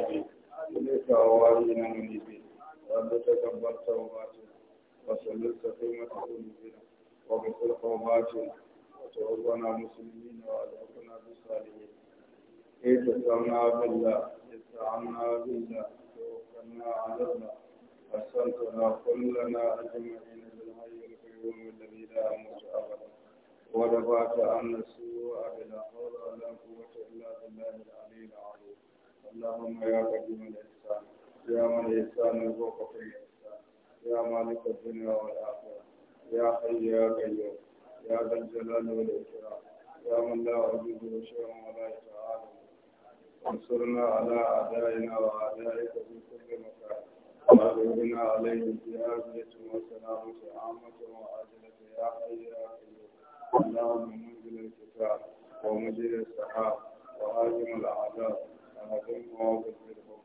ibi ilé kàwà yìí nà níbi ọlọ́tọ́ta bá tọ́wọ́ bá jẹ́ ọ̀sọ̀lẹ́ sọfẹ́ mọ́tọ́ ودفعت أن السوء بالأخوة لا قوة إلا بالله العليل العليل اللهم يا قديم الإحسان يا من الإحسان يفوق كل إحسان يا مالك الدنيا والآخرة يا حي يا قيوم يا ذا الجلال والإكرام يا من لا عجوز شيء ولا يتعالى وانصرنا على أعدائنا وأعدائك في كل مكان وأغلبنا عليهم بآبية وسلامة عامة وعاجلة يا حي يا قيوم اللهم منزل الكتاب ومجير السحاب وهاجم الأعداء هدنا وذكره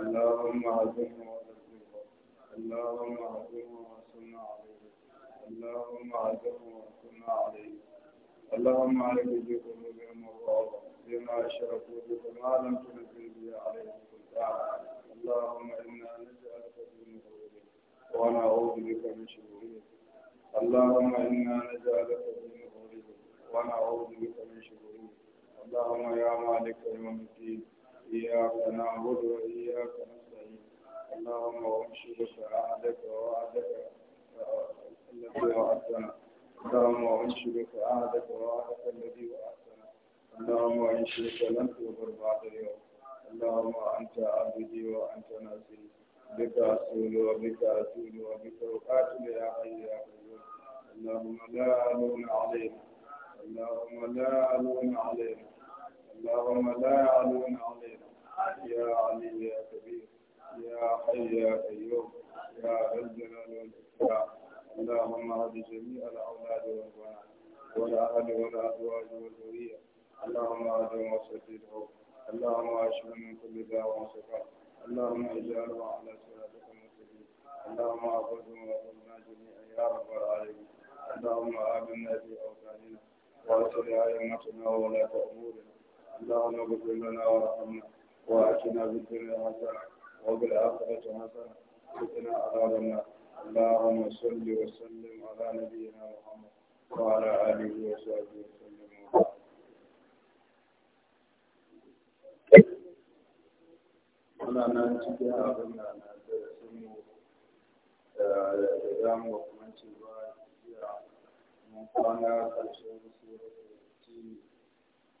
اللهم هدنا وذكره اللهم هدنا وصلنا عليه اللهم هدنا وصلنا عليه اللهم عليك بقلوبهم الرعب بما اشركوا بك ما لم تنزل به عليهم سلطانا اللهم انا نسالك من غيرك ونعوذ بك من شرورهم اللهم انا نسالك من غيرك ونعوذ بك من شرورهم اللهم يا مالك يوم الدين إياك نعبد وإياك نستعين اللهم وانشدك عهدك ووعدك الذي وعدتنا اللهم وانشدك عهدك وعدك الذي وعدتنا اللهم إن شئت لن تغفر بعد اليوم اللهم أنت عبدي وأنت ناصري بك أسول وبك أتول وبك أقاتل يا حي يا قيوم اللهم لا ألوم عليك اللهم لا ألوم عليك اللهم لا يعلون علينا يا علي يا كبير يا حي يا قيوم يا ذا الجلال والإكرام اللهم اهد جميع الأولاد والبنات والأهل والأزواج والذرية اللهم اهدهم وسددهم اللهم اشف من كل داء وشفاء اللهم اجعله على صراطك المستقيم اللهم اعبدهم وقلنا جميعا يا رب العالمين اللهم امنا في اوطاننا واصل ائمتنا وولاة امورنا اللهم اغفر لنا وارحمنا واتنا بالدنيا حسنه وفي الاخره حسنه وقنا عذاب النار اللهم صل وسلم على نبينا محمد وعلى اله وصحبه وسلم muna nan cikin abin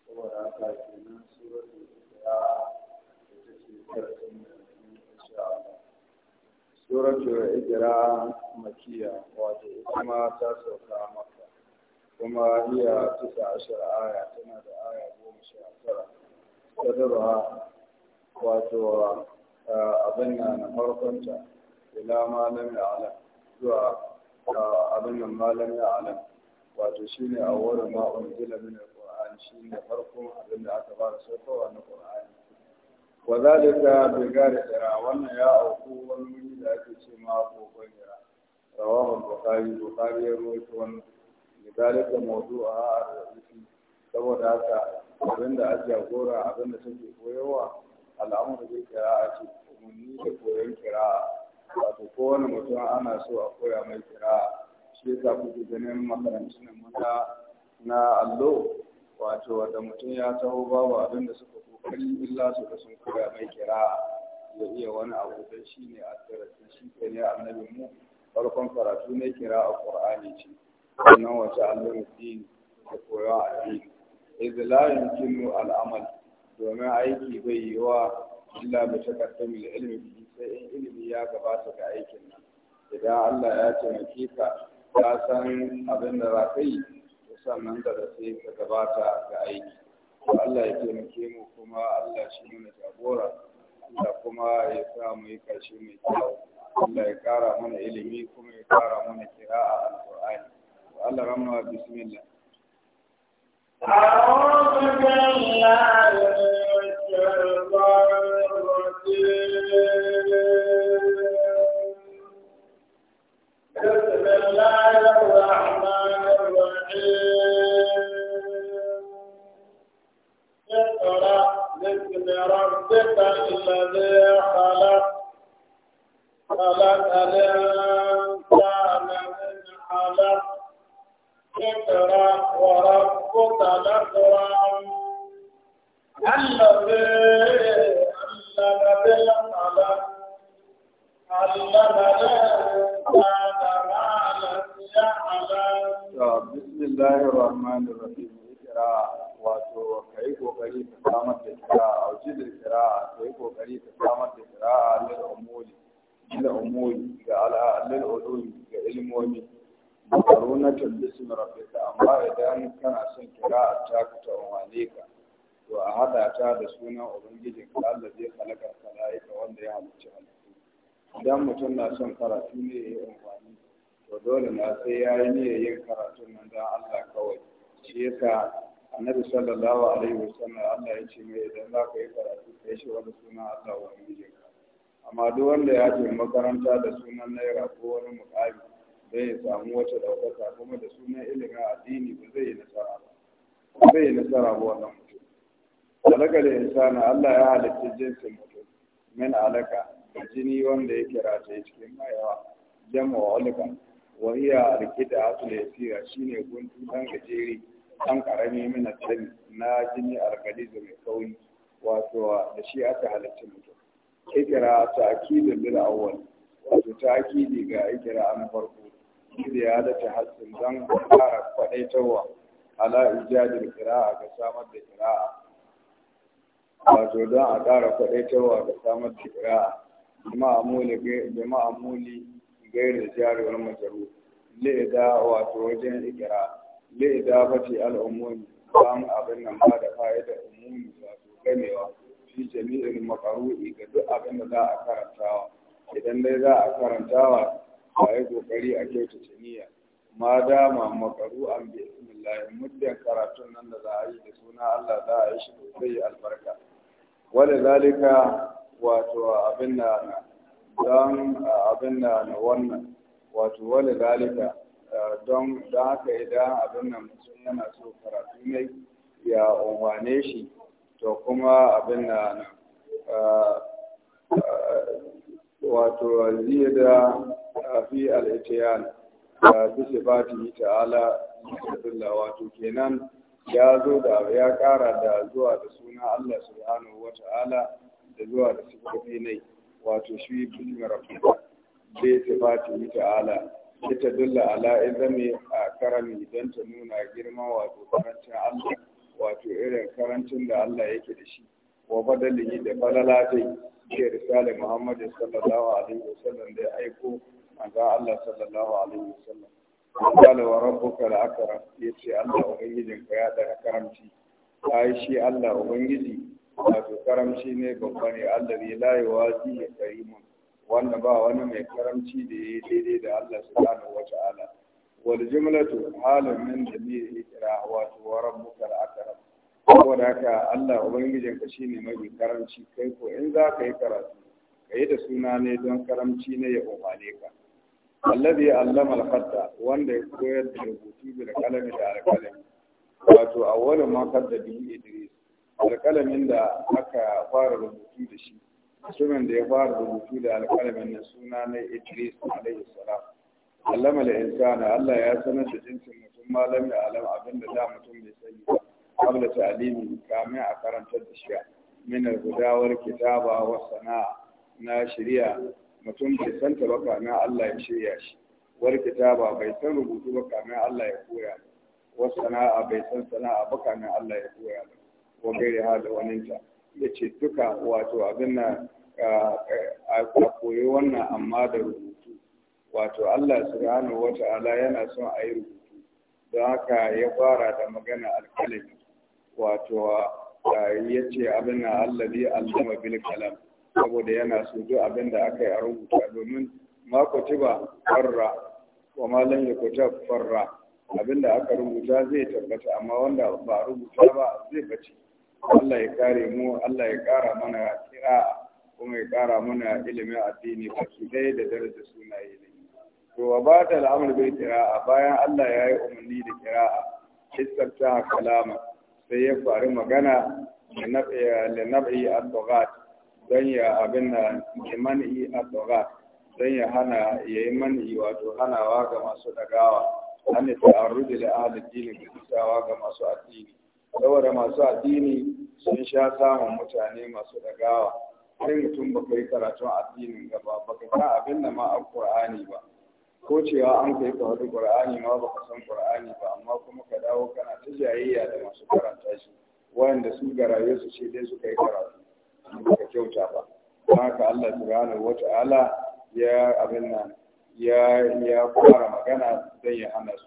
saboda haka kenan suratul isra'a ita ce da ijra makiya wato kuma ta sauka maka kuma iya tisa ashir aya tana da aya goma sha tara sadarwa wato abin na na farkonta ila malam ya alam zuwa abin nan malam ya alam wato shine a wurin ma'un ila min shi ne farko abin da aka fara saukowa na ƙur'ani wa zalika bi gari tsira wannan ya auku wani wuri da ake ce ma kokon ya rawahu bukhari bukhari ya rawaito wannan bi zalika mawdu'a ar-rafi saboda haka abin da ake jagora abin da take koyarwa al'amuru kira a ce umarni da koyon kira. wato kowane mutum ana so a koya mai kira. shi yasa kuke ganin makarantun mata na allo wato da mutum ya taho babu abin da suka kokari illa su da sun koya mai kira ya iya wani abu dan shi ne a tsarafin shi kai ne annabi mu farkon karatu ne kira a qur'ani ce sannan wace allon din da koya addini idza la yumkinu al'amal domin aiki bai yi wa illa bi taqaddumil ilmi sai in ilimi ya gabata ga aikin nan idan Allah ya taimake ka ka san abin da za ka yi sannan da sai ta gabata ga aiki to Allah ya taimake mu kuma Allah shi mana jagora Allah kuma ya sa mu yi karshe mai kyau Allah ya kara mana ilimi kuma ya kara mana kira'a alqur'ani to Allah rahma bismillah أعوذ بالله من الشيطان الرجيم بسم الله الرحمن الرحيم ربك الذي خلق خلق الإنسان من علق اقرأ وربك الأكرم الذي علم بالقلم علم الإنسان ما لم يعلم بسم الله الرحمن الرحيم wato ka yi kokari ka samar da kira'a a wajen da ka yi kokari ka samar da a lil umuri lil umuri ga ala lil ulumi ga ilmomi makarunatul bismi rabbika amma idan kana son kira a taku ta umane ka to a hada ta da sunan ubangijin ka Allah zai halaka malaika wanda ya halicci halittu idan mutum na son karatu ne ya yi amfani to dole na sai ya yi niyyar yin karatun nan don Allah kawai shi yasa annabi sallallahu alaihi sallam Allah ya ce mai idan za ka yi karatu kai shi wani suna Allah wa mijinka amma duk wanda ya je makaranta da sunan naira ko wani mukami zai ya samu wata ɗaukaka kuma da sunan ilimin addini ba zai yi nasara ba zai yi nasara ba wannan mutum alaka da insana Allah ya halitta jinsin mutum min alaka da jini wanda ya kira ta cikin mayawa jama'a ulka wa hiya alkida asul yasira shine guntu dan gajeri ɗan ƙarami mina sani na jini da mai kauri wato da shi aka halitta mutum ikira ta akidin bil awwal wato ta akidi ga ikira an farko da ya da ta hasin don fara tawa ala ijadin kira'a ga samar da kira'a wato don a ƙara tawa ga samar da kira'a jama'a muli gairar jariyar majaru da wato wajen ikira lai da fati al'ummomi samu abin nan ba da fa'ida umumi wato gamewa fi jami'in makaru'i ga duk abin da za a karantawa idan dai za a karantawa a yi kokari a kyautata niyya ma dama an bi ismillah muddin karatun nan da za a yi da suna Allah za a yi shi sosai albarka wanda zalika wato abin da don abin wannan wato zalika Eh, don da haka idan abin nan mutum yana so karatu ne ya unwane shi to kuma abin na eh, eh, wato zai da fi al'itiyan bi sifatihi ta'ala bismillah wato kenan ya zo da ya kara da zuwa da suna Allah subhanahu wa ta'ala da zuwa da sifofi ne wato shi bismi rabbika bi sifatihi ta'ala ita dulla ala izami a karami don ta nuna girma wato karancin Allah wato irin karancin da Allah yake da shi wa yi da falala dai ke risale Muhammadu sallallahu alaihi wasallam da ya aiko manzo Allah sallallahu alaihi wasallam qala wa rabbuka la akram yace Allah ubangijin ka ya da karamci ai shi Allah ubangiji wato karamci ne babba ne Allah ne la yawazi karimun wanda ba wani mai karamci da ya daidai da Allah subhanahu wa ta'ala wal jumlatu halun min damir ikra wato wa rabbuka akram saboda haka Allah ubangijin ka shine mai karamci kai ko in za ka yi karatu kai da suna ne don karamci ne ya umane ka alladhi allama al-khatta wanda ya koyar da rubutu da kalami da alkalami wato awwalu ma kadda bihi idris alkalamin da aka fara rubutu da shi mutumin da ya fara rubutu da alƙalamin na suna na Idris alaihi salam allama da insana Allah ya sanar da jinsin mutum malam da alam abin da za mutum bai sani ba qabla ta'limi kamin a karantar da shi min al-gudawar kitaba wa sana'a na shari'a mutum bai san ta ba kamin Allah ya shirya shi war kitaba bai san rubutu ba kamin Allah ya koya wa sana'a bai san sana'a ba kamin Allah ya koya ba wa gairi hada waninta ya ce duka wato abin na eh, a koyi wannan amma da rubutu wato Allah subhanahu wata ala yana son a yi rubutu don haka ya fara da magana alkalin wato eh, ya ce abin na allabi allama bil kalam saboda yana so duk abin da aka yi a rubuta domin ma kutuba farra wa ma ya yakutab farra abin da aka rubuta zai tabbata amma wanda ba a rubuta ba zai bace Allah ya kare mu Allah ya kara mana kira kuma ya kara mana ilimin addini baki dai da darajar sunaye ne to wa ba ta al'amur bai kira'a bayan Allah ya yi umarni da kira'a istabta kalama sai ya faru magana da nab'i al-dughat don ya abin da man'i al-dughat don ya hana man'i wato hanawa ga masu dagawa ta ta'arruji da ahli dini da ga masu addini saboda masu addini sun sha samun mutane masu dagawa sai mutum ba kai karatun addinin gaba ba ka san abin da ma a qur'ani ba ko cewa an kai ka wani qur'ani ma ba ka san ƙur'ani ba amma kuma ka dawo kana ta jayayya da masu karanta shi wanda su garaye su ce dai su kai karatu ba ka kyauta ba don haka Allah subhanahu wata'ala ya abin nan ya ya fara magana don ya hana su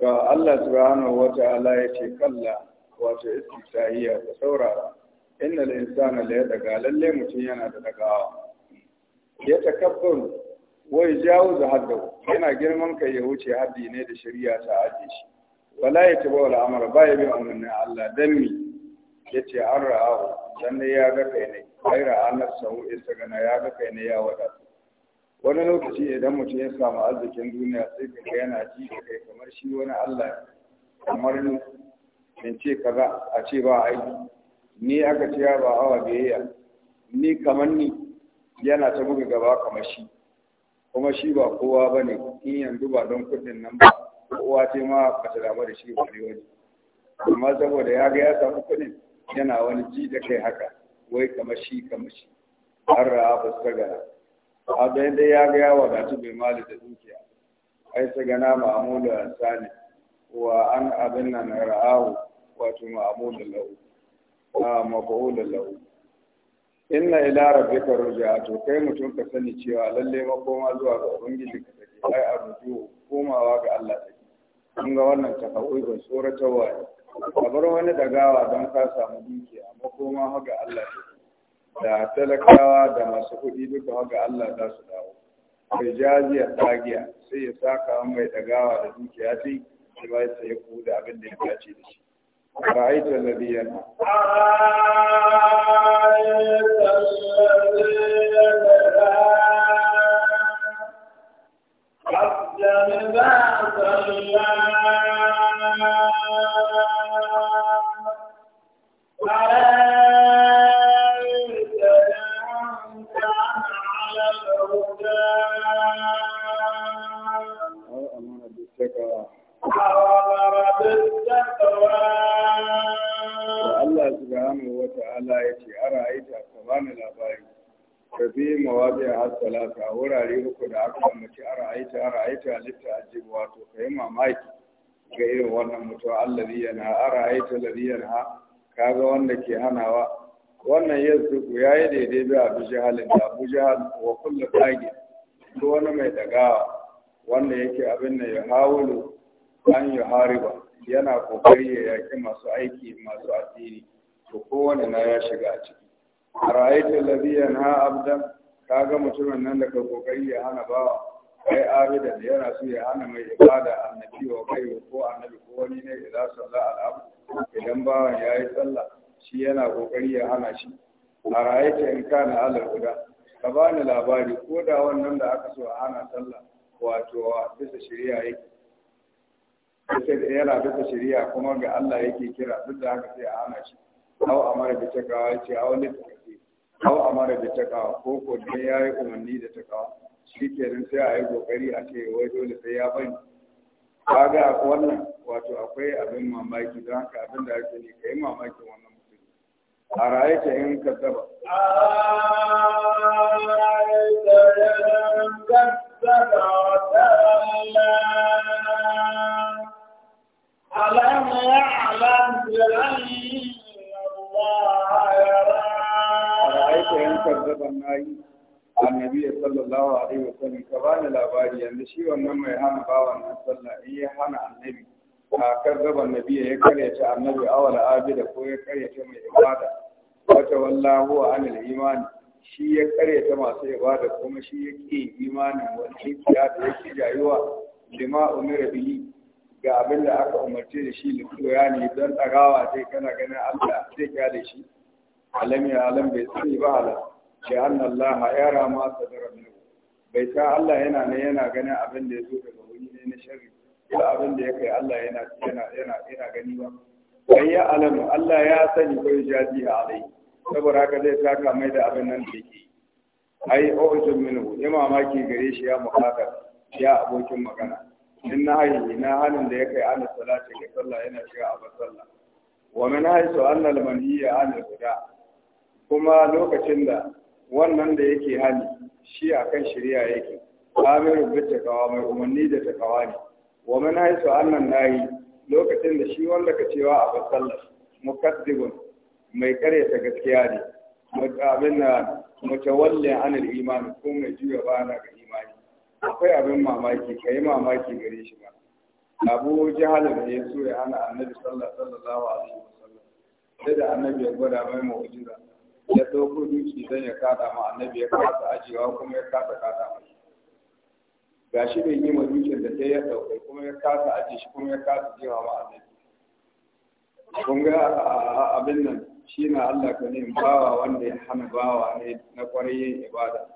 ga Allah subhanahu ta'ala ya ce kalla wato istiftahiya ku saurara al insana la yadaga lalle mutum yana da dagawa ya takabbur wai jawo da haddu yana girman kai ya wuce haddi ne da shari'a ta aje shi wala ya taba wala ba ya bi umarnin Allah dan mi yace an ra'ahu dan ya ga kai ne ayra anasau isa gana ya ga kai ne ya wadata wani lokaci idan mutum ya samu arzikin duniya sai ka yana ji da kai kamar shi wani Allah kamar ni in ce kaza a ce ba aiki ni aka ce ba awa biyayya ni kamar ni yana ta buga gaba kamar shi kuma shi ba kowa ba ne in yanzu ba don kudin nan ba kowa ce ma ba ta damu da shi ba ne wani amma saboda ya ga ya samu kudin yana wani ji da kai haka wai kamar shi kamar shi har ra'a fuskar gara abin da ya ga yawa ga bai mali da dukiya ai sai gana ma'amulu ansani wa an abin nan ra'awu wato ma'amulu lahu a mafa'ulu lahu inna ila rabbika a to kai mutum ka sani cewa lalle makoma zuwa ga ubangiji ka take ai arju komawa ga Allah take kun ga wannan takawai ga tsoratawa ne A bar wani dagawa don ka samu dukiya makoma ga Allah take da talakawa da masu kuɗi duka ga Allah za su dawo bai jaziya tsagiya sai ya saka mai dagawa da dukiya ce shi ba sai ya kuda abin da ya dace da shi ra'aytu alladhi yana Thank Allah subhanahu wa ta'ala ya ce ara aita ka bani labari ka bi mawaƙi a hasalata a wurare uku da aka ambaci ara aita ara a aita a ajibu wato ka yi mamaki ga irin wannan mutuwa Allah yana ara aita ha? ka ga wanda ke hanawa wannan ya zuku ya yi daidai bi abu jihalin da abu jihal wa kulle fage ko wani mai dagawa wanda yake abin da ya hawulu an yi hariba yana kokari ya yaki masu aiki masu addini to kowane na ya shiga a ciki a ra'aitin labiyan ha abdan ka ga mutumin nan da ka kokari ya hana bawa kai abida da yana so ya hana mai ibada annabi wa kai ko annabi ko wani ne za a abu idan bawan ya yi sallah shi yana kokari ya hana shi a ra'aita in kana alal guda, ka bani labari ko da wannan da aka so a hana sallah wato bisa shari'a yake yace da yana duka shari'a kuma ga Allah yake kira duk da haka sai a hana shi aw amara da takawa ce, hau ne hau a mara da takawa ko ko dai yi umarni da takawa nan sai a yi kokari a ce wai dole sai ya bani ga wannan wato akwai abin mamaki don haka abin da ake ne yi mamaki wannan mutum a raye ta in ka zaba a in ka ألم يعلم بأن الله يرى رأيت إن كذب النبي annabi sallallahu alaihi wasallam ka bani labari yanzu shi wannan mai hana bawan sallah in hana annabi a kazzaba annabi ya karyace annabi awala abida ko ya karyace mai ibada wata wallahu anil imani shi ya karyata masu ibada kuma shi ya ke imanin wani ya da yake jayuwa lima umira ga abin da aka umarce da shi ya ne don tsagawa sai kana ganin Allah zai kyale shi alam alam bai sani ba alam shi an Allah ya rama sadar bai sa Allah yana ne yana ganin abin da ya zo daga wuri ne na shari ko abin da ya kai Allah yana yana yana yana gani ba kai ya alamu. Allah ya sani ko ya ji alai saboda haka zai taka mai da abin nan da yake ai o'ujin minu ya mamaki gare shi ya mukaka ya abokin magana min nahayi na hanin da ya kai ana salati ga sallah yana shiga a sallah wa min haisu annal manhiya anil guda. kuma lokacin da wannan da yake hani shi akan shari'a yake amiru bi takawa mai umarni da takawa ne wa min haisu annan nahi lokacin da shi wanda ka cewa a sallah mukaddibun mai karyata gaskiya ne abin na mutawallin anil imani kuma mai juya bana ga imani akwai abin mamaki ka yi mamaki gare shi ba abu Jihar da ya so ya hana annabi a alaihi wasallam sai da annabi ya gwada mai mu'jiza ya ɗauko duki don ya kada ma annabi ya kasa ajiyewa kuma ya kasa kada shi ga shi bai yi ma dukin da sai ya ɗaukai kuma ya kasa ajiye shi kuma ya kasa jewa ma annabi kun ga abin nan shi na Allah ka ne bawa wanda ya hana bawa ne na yin ibada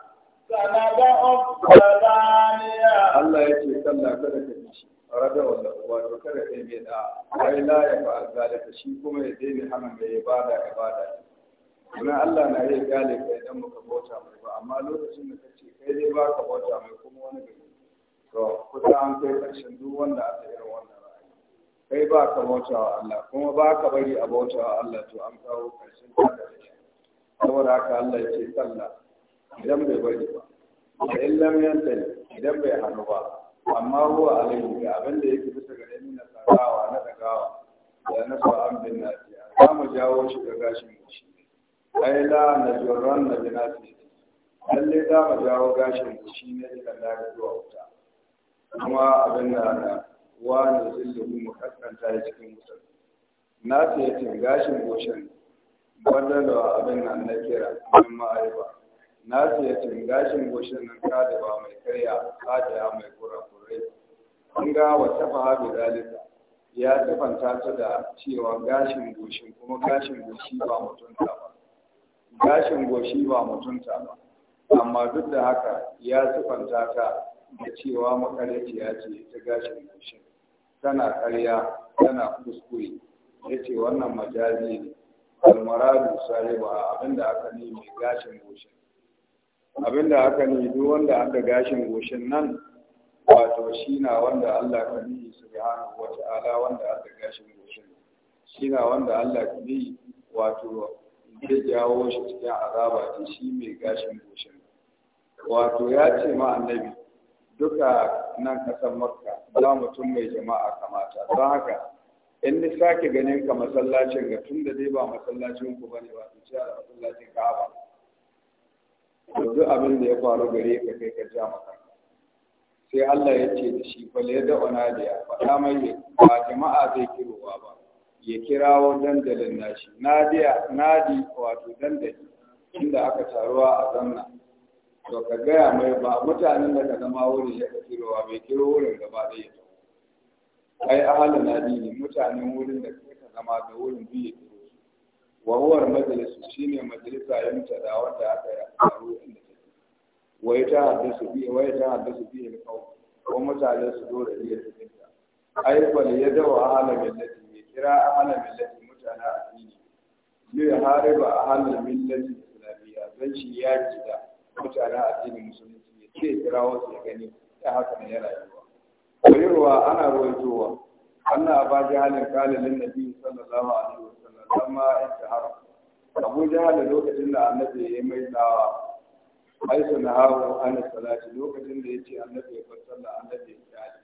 Allah ya ce sallah kada ka yi shi rada wanda wato kada ka yi mai da ai la ya fa zalika shi kuma ya daina hana mai ibada ibada kuma Allah na yi gale kai dan muka bauta mai ba amma lokacin da kace kai dai ba ka bauta mai kuma wani gari to kusa an kai karshen duk wanda aka yi wannan ra'ayi kai ba ka bauta wa Allah kuma ba ka bari a bauta wa Allah to an kawo karshen ta da shi saboda haka Allah ya ce sallah idan bai bari ba da illam yantali idan bai hannu ba amma huwa alaihi ga abin da yake bisa ga dani na tsarawa na dagawa da na sa'an bin nasi amma mu jawo shi ga gashin shi ai la na jurran na binasi lalle za mu jawo gashin shi ne daga dare zuwa wuta kuma abin da wa ne zillu mu kaskanta ya cikin wuta na ce gashin goshin wannan da abin nan na kira amma ai na ce ya gashin goshin nan ba mai karya ya mai kurakurai an ga wata fahabi zalika ya tafanta ta da cewa gashin goshin kuma gashin goshi ba mutunta ba gashin goshi ba mutunta ba amma duk da haka ya sifanta ta da cewa ya ce ta gashin goshin tana karya tana kuskure ya ce wannan majazi ne almaradu sahiba abinda aka nemi gashin goshin abinda aka ne duk wanda aka gashin goshin nan wato shi na wanda Allah ka nihi wata wata'ala wanda aka gashin goshin shi na wanda Allah ka nihi wato ya jawo shi cikin azaba ce shi mai gashin goshin wato ya ce ma annabi duka nan kasan makka ba mutum mai jama'a kamata don haka in ni sake ganin ka masallacin ga tun da dai ba masallacin ku bane ba ce a masallacin ka'aba da duk abin da ya faru gare ka kai ka ja maka sai Allah ya ce da shi fale da onadiya faɗa mai ba jama'a zai kirowa ba ya kirawo dandalin nashi nadiya nadi wato dandali inda aka taruwa a zanna to ka gaya mai ba mutanen da ka zama wurin ya kirowa bai kiro wurin gaba ɗaya ai ahalin nadi ne mutanen wurin da ka zama da wurin biyu wahuwar majalisu shine majalisa yin tada wanda aka yi a ruwan da wai ta haddasa biya wai ta haddasa biya da kawo ko mutane su dora iya cikin ta aifal ya dawa alamin lati ya kira alamin lati mutane a fili ya hariba alamin lati islamiyya zan shi ya da mutane a fili musulunci ya ce kira wasu ya gani ta haka ne ya rayuwa koyarwa ana ruwaitowa anna abaji halin kalilin nabi sallallahu alaihi wasallam amma yan shahara abu da lokacin da annabi ya mai tsawa haisu na hawo ana salati lokacin da ya ce annabi ya fassar da annabi ya tsari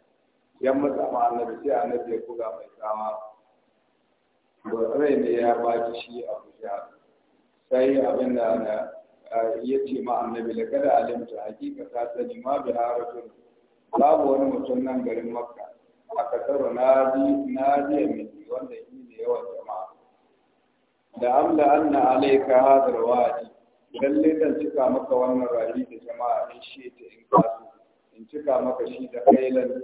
yan matsa ma annabi sai annabi ya buga mai tsawa ba rai ne ya baki shi abu jahal sai abin da na ya ce ma annabi da kada alimta hakika ta sani ma bi haratun babu wani mutum nan garin makka a kasar na biya miji wanda shi ne yawan jama'a da amla anna alayka hadar wa'adi lalle zan cika maka wannan rayi da jama'a in shi ta in kasu in cika maka shi da kailan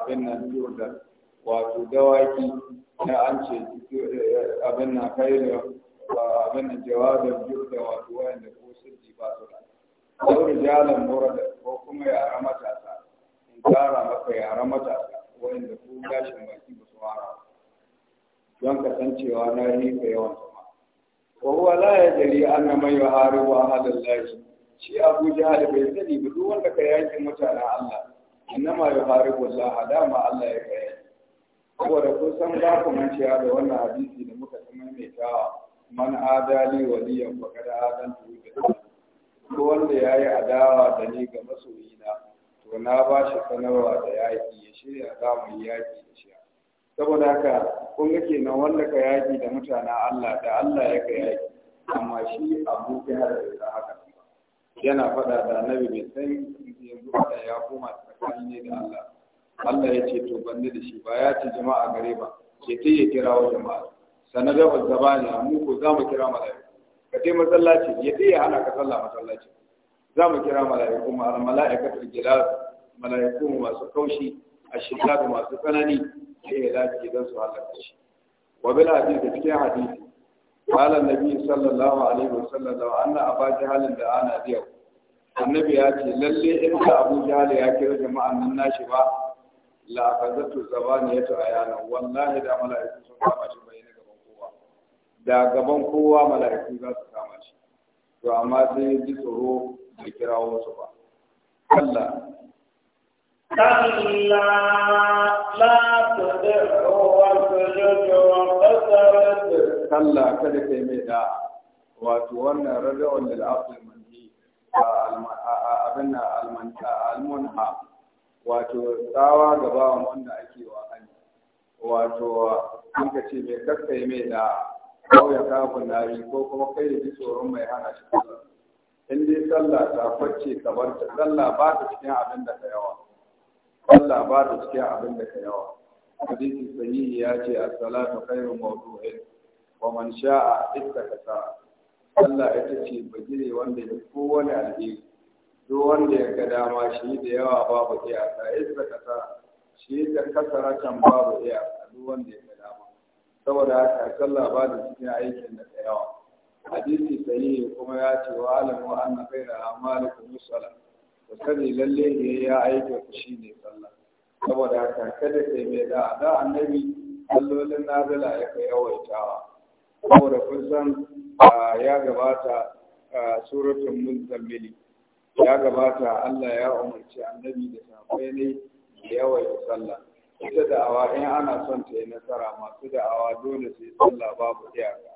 abin nan da wato dawaki na an ce abin na kailan abin nan jawabin jordan wato wayanda ko sirri ba su da saurin jalan murada ko kuma yara matasa in tara maka yara matasa wayanda ko gashin baki ba su wara don kasancewa na rika yawan wa huwa la yadri anna man yuharibu ahadallahi shi Abu Jahal bai sani ba duk ka yakin mutanen Allah innama yuharibu Allah dama Allah ya kai saboda kun san ba ku manciya da wannan hadisi da muka san mai tawa man adali waliyan fa kada adan tu ko wanda yayi adawa da ni ga masoyina to na ba shi sanarwa da yaki ya shirya za mu yaki da shi saboda haka kun yake kenan wanda ka yaki da mutanen Allah da Allah ya ka yaki amma shi abu ya da haka yana faɗa da annabi bai san yanzu da ya koma tsakani ne da Allah Allah ya ce to banne da shi ba ya ci jama'a gare ba ke ta yi kira wa jama'a Sannan da zabani ne mu ko za mu kira mala'iku ka ce masallaci ya ta ya hana ka sallah masallaci za mu kira mala'iku ma al mala'ikatul gilal mala'iku masu kaushi a shidda masu tsanani sai ya dace don su halarci. shi wa da cikin hadith qala nabi sallallahu alaihi wasallam da anna aba jahalin da ana biya annabi ya ce lallai in ka abu jahal ya kira jama'an nan nashi ba la qazatu zabani ya ta ayana wallahi da mala'iku sun kama shi bayin gaban kowa da gaban kowa mala'iku za su kama shi to amma sai ji tsoro da kirawo su ba Allah كلا لا تدع واسجد واقترب كلا كذا كلمة wato wannan rada'un lil aql a abin almanta almunha wato tsawa ga bawan wanda ake wa an wato an ka ce mai yi mai da kauya kafin nari ko kuma kai da ji tsoron mai hana shi in dai sallah ta kwace kamar ta sallah ba ta cikin abin da ka yawa Allah ba da cikin abin da ka yawa hadisi sahihi ya ce a salatu khairun mawdu'in wa man sha'a sa. Allah ita ce bagire wanda ya Ko wani alheri duk wanda ya ga dama shi da yawa babu iyaka sa. shi da can babu iyaka duk wanda ya ga dama saboda haka Allah ba da cikin aikin da ka yawa hadisi sahihi kuma ya ce wa alamu anna khayra a'malikum as ku sani lalle ne ya aika ku shi ne sallah saboda haka kada sai mai da da annabi sallolin nazila ya kai yawaitawa saboda kun san ya gabata suratul muzammil ya gabata Allah ya umarci annabi da safai ne yawaita sallah ita da'awa in ana son ta yi nasara masu da'awa dole sai sallah babu iyaka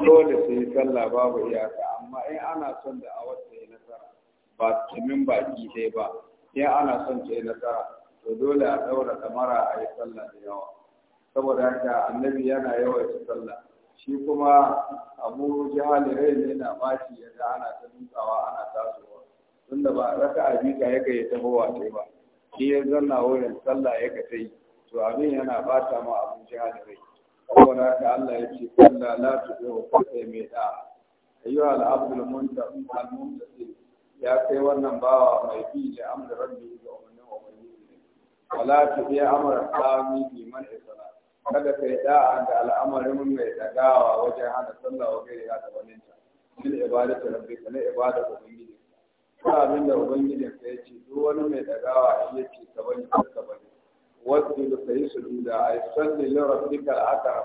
dole sai sallah babu iyaka amma in ana son da'awar ta yi nasara ba cimin baki sai ba sai ana son ce nasara to dole a daura kamara a yi sallah da yawa saboda haka annabi yana yawaita sallah shi kuma abu jihali rai ne na bashi yadda ana ta dutsawa ana tasowa tunda ba raka a ka ya kai ta hawa ce ba shi ya zanna wurin sallah ya ka ta to abin yana bata ma abu jihali rai saboda haka Allah ya ce sallah la tu bi wa mai da ayyuha al-abdul ya kai wannan bawa mai fi da amda rabbi ga umarnin ubangiji ne wala ta bi amara sami bi man isala kada kai da'a ga al'amarin mai dagawa wajen hana sallah wa gairi da wannan ta bil ibadatu rabbi kana ibada ubangiji ko abin da ubangiji ka yace duk wani mai dagawa shi yace ka bani ka bani wasu da su sujuda ay salli li rabbika al'akram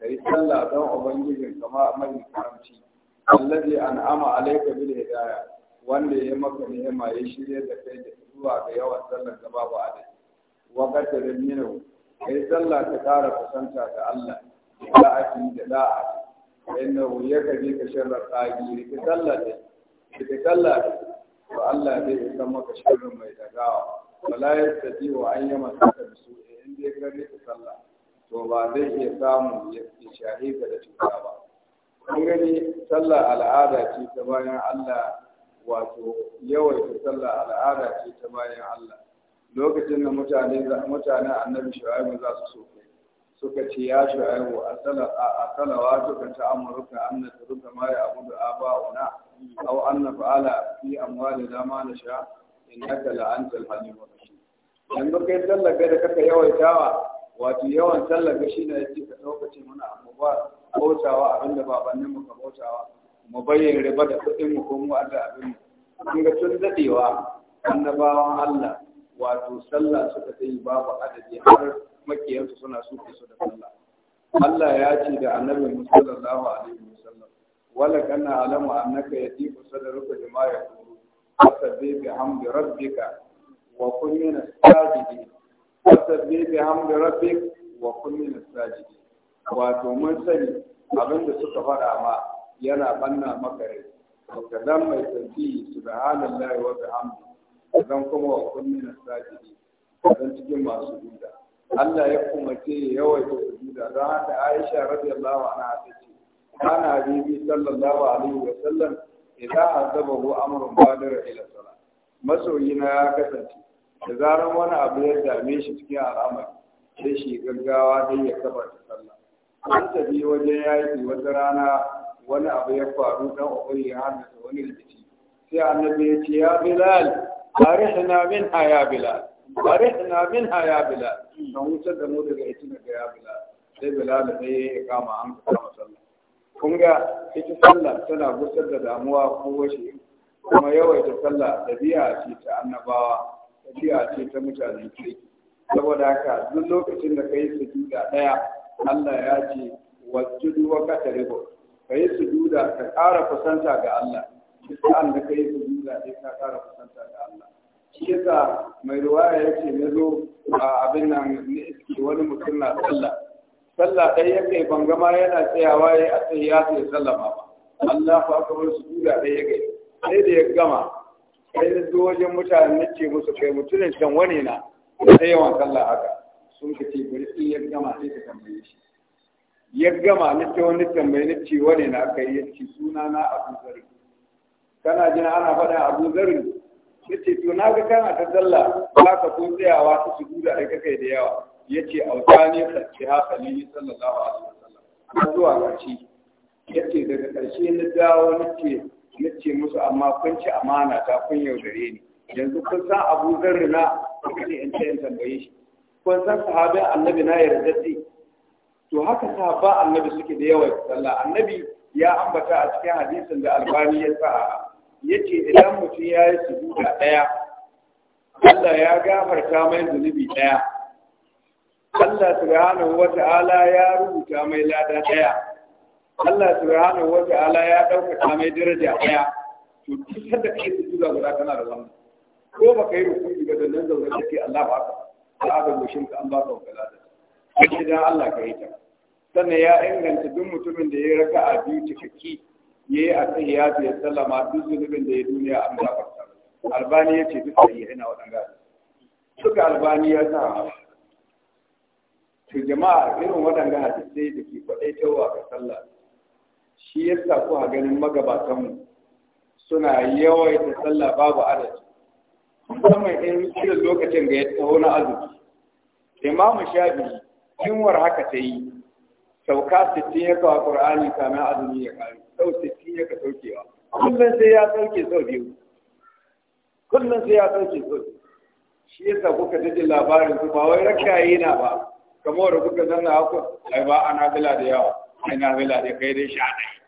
kai sallah don ubangijin kama mai karamci allazi an'ama alayka bil hidayah wanda ya maka ni'ima ya shirya da kai da zuwa ga yawan sallar da babu adadi wa qaddara minhu kai sallah ta kara kusanta da Allah da aki da da'a ya yakadi ka sharra tsagi ki sallah da ki sallah to Allah zai san maka sharrin mai dagawa wala tafi wa an da su in dai ka ka sallah to ba zai iya samu ya shahe da cuta ba kun gani sallah al'ada ce ta bayan Allah wato yawaita sallah al'ada ce ta bayan Allah lokacin da mutane mutane annabi shu'aibu za su so suka ce ya shu'aibu a salawa suka ta amurka an na turuka ma ya abu da aba'una au an na fa'ala fi amwali da ma na sha in haka la'antar halin wa shi. dan ba kai tallaga da kaka yawaitawa wato yawan tallaga shi ne yake ka lokacin mana amma ba bautawa abinda babannin mu ka bautawa mu bayyana riba da kuɗin mu ko mu adda abin mu kun ga tun dadewa annabawan Allah wato sallah suka yi babu adadi har makiyansu suna so su da sallah Allah ya ce da annabi sallallahu alaihi wasallam wala kana alamu annaka yatifu sadruka lima yaqulu fasabbih bihamdi rabbika wa kun min as-sajidin fasabbih bihamdi rabbik wa kun min as-sajidin wato mun sani abinda suka faɗa ma yana banna maka rai ka zan mai tsarki subhanallahi wa bihamdi ka zan kuma wa kunni na sajidi ka cikin masu duda Allah ya kumace ya yawaita sujuda don haka Aisha radiyallahu anha ta ce kana habibi sallallahu alaihi wa sallam idan azabahu amrun badara ila salat masoyina ya kasance da zaran wani abu ya dame shi cikin al'amari sai shi gaggawa dai ya kafa ta sallah an tafi wajen yaki wata rana wani abu ya faru dan ubai ya haddasa wani rikici sai annabi ya ce ya bilal arihna min ya bilal arihna min ya bilal dan wutar da mu daga ita daga ya bilal sai bilal sai ya kama an kama sallah kun ga ita sallah tana gusar da damuwa ko washe kuma yawaita sallah dabi'a ce ta annabawa dabi'a ce ta mutane. kirki saboda haka duk lokacin da kai sujuda daya Allah ya ce wasjudu wa qataribu ka yi sujuda ka ƙara kusanta ga Allah sa'an da ka yi sujuda sai ka ƙara kusanta ga Allah shi yasa mai ruwaya ya ce na zo a abin nan ni iske wani mutum na sallah sallah ɗaya ya kai ban gama yana tsayawa ya a tsaye ya tsaye sallama ba Allah fa ka wani sujuda ɗaya ya kai sai da ya gama sai na zo wajen mutane na ce musu kai mutumin can wani na sai yawan sallah haka sun ka ce bari in ya gama sai ka tambaye shi ya gama ni ce wani tambayi ni ce wane na aka yi yace suna na Abu Zarri kana jin ana faɗa Abu Zarri ce to na ga kana ta sallah ba ka ko tsayawa ta guda da kake da yawa yace autani fatiha sallallahu alaihi wasallam zuwa Ya yace daga ƙarshe na dawo na ce musu amma kun ci amana ta kun yaudare ni yanzu kun san Abu Zarri na kun ce in tambaye shi kun san sahabin Annabi na yarda to haka ta ba annabi suke da yawan sallah annabi ya ambata a cikin hadisin da albani ya sa yace idan mutum ya yi sujuda daya Allah ya gafarta mai zunubi daya Allah subhanahu wata'ala ya rubuta mai lada daya Allah subhanahu wata'ala ya dauka mai daraja daya to duk da kake sujuda guda kana da wannan ko baka yi rukuni ga dandan zaune take Allah ba ka ba ga goshin ka an ba ka wakala kake dan Allah ka yi ta sannan ya inganta duk mutumin da ya raka a biyu cikakki ya yi a ya da ya sallama duk zunubin da ya duniya a gafarta albani ya ce duk da ina waɗanda suka albani ya sa to jama'a irin waɗanda hadisai da ke faɗai wa ka sallah shi ya sa ku ganin magabatanmu suna yawaita sallah babu adadi musamman in irin lokacin da ya taho na azumi. imamu shafi'i yunwar haka ta yi sauka sittin ya kawo ƙur'ani kamin azumi ya ƙari sau sittin ya ka saukewa kullum sai ya sauke sau biyu kullum sai ya sauke sau biyu shi sa kuka ji labarin su ba wai rakaye na ba kamar da kuka zanna haku ai ba ana bila da yawa ai na bila da kai dai sha ɗaya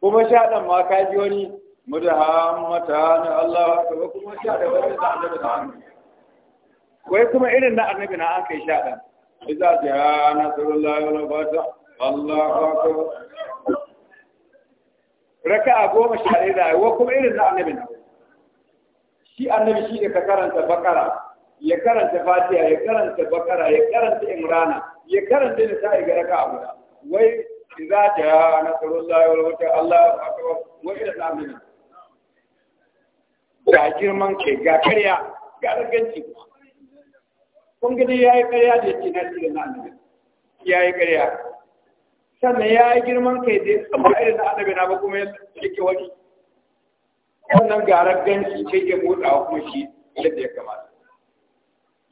kuma sha ɗan ma ka ji wani mudahammata ni Allah kuma sha da wani da da hannu wai kuma irin na annabi na aka yi sha ɗan iza ta ya nasarullahi wal fata Allahu akbar raka'a goma sha ɗaya da wa kuma irin na annabi na shi annabi shi ne ka karanta bakara ya karanta Fatiya, ya karanta bakara ya karanta imrana ya karanta ne nisa'i ga raka'a guda wai iza ta ya nasarullahi wal fata Allah akbar wai irin na annabi ga girman kai ga karya ga ganci kuma kun gani ya yi karya da yake na shi na annabi ya yi karya sannan ya yi girman kai da tsamma tsamba irin na annabi na ba kuma ya yake wani wannan garar ganci ce ke motsawa kuma shi yadda ya kamata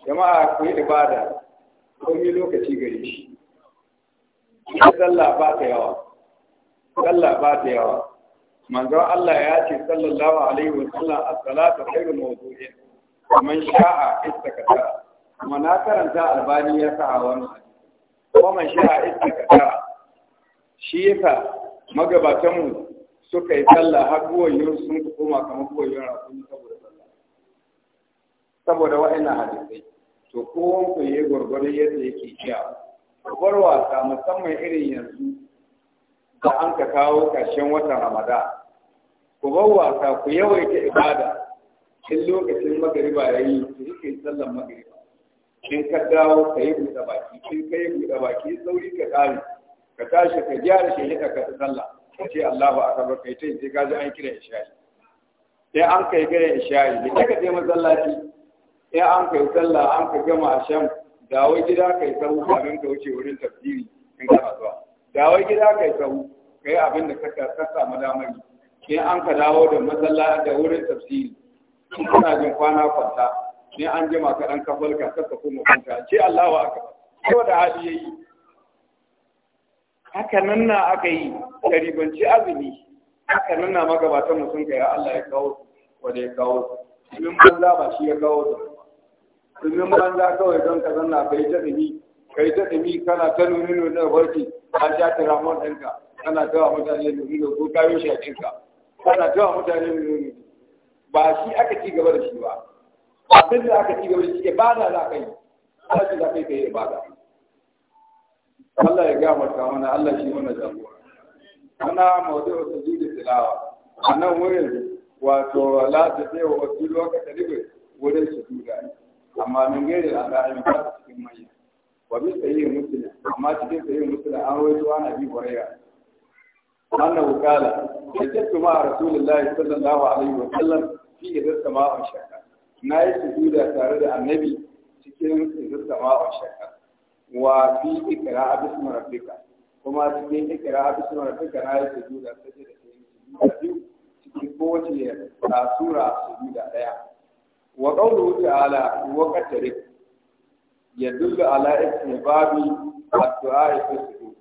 jama'a ku yi ibada komai lokaci gare shi sallah ba ta yawa sallah ba ta yawa manzo Allah ya ce sallallahu alaihi wa sallam as-salatu khairu mawdu'in man sha'a istakata kuma na karanta albani ya sa a wannan kuma man sha'a istakara shi yasa magabatanmu suka yi sallah har guwayyun sun koma kamar guwayyun rakumi saboda sallah saboda wa'ina hadisai to kowan ku yi gwargwaron yadda yake iya bar wasa musamman irin yanzu da an ka kawo karshen watan ramada ku bar wasa ku yawaita ibada in lokacin magariba ya yi ku yi sallan magariba in ka dawo ka yi buɗe baki in ka yi buɗe baki sauri ka tsari ka tashi ka gyara shi ka ta sallah ka ce Allahu akbar kai ta sai ka ji an kira ishari sai an kai gaya ishari ne ka je masallaci sai an kai sallah an ka gama asham dawo gida kai sahu kamin ka wuce wurin tafsiri in ka zuwa dawo gida kai sahu kai abin da ka ka samu damar sai an ka dawo da masallaci da wurin tafsiri in kana jin kwana kwanta ne an jima ka ɗan ka kaka kuma kwanta ce Allah wa aka ko da hali ya yi haka nan na aka yi karibanci azumi haka nan na magabatan mu sun ya Allah ya kawo su wanda ya kawo su domin banza ba shi ya kawo su domin banza kawai don ka zanna kai ta dumi kai ta dumi kana ta nuni nuni da barci an sha ta ramon ɗinka kana ta wa mutane nuni da ko kayo shi a ɗinka kana ta wa mutane nuni ba shi aka ci gaba da shi ba abin da aka ci gaba da shi ibada za ka yi Allah shi za ka yi ka yi ibada Allah ya gafarta mana Allah shi mana jagora ana mawdu'u sujudi tilawa anan wurin wato la ta sai wa wasu lokacin ribe wurin sujuda amma mun gairi da al'ayin ba cikin manya wa bi sayi musulun amma cikin sayi musulun an rawaito ana bi horaya annahu qala hajjatu ma rasulillahi sallallahu alaihi wa sallam fi idza sama'a shaka na yi sujuda tare da annabi cikin sujud a shakka wa fi ikra bismi rabbika kuma cikin a bisu marafika na yi sujuda tare da sujuda biyu cikin kowace sura sujuda daya wa qawluhu ta'ala wa qaddarik yadullu ala istihbabi addu'a fi su.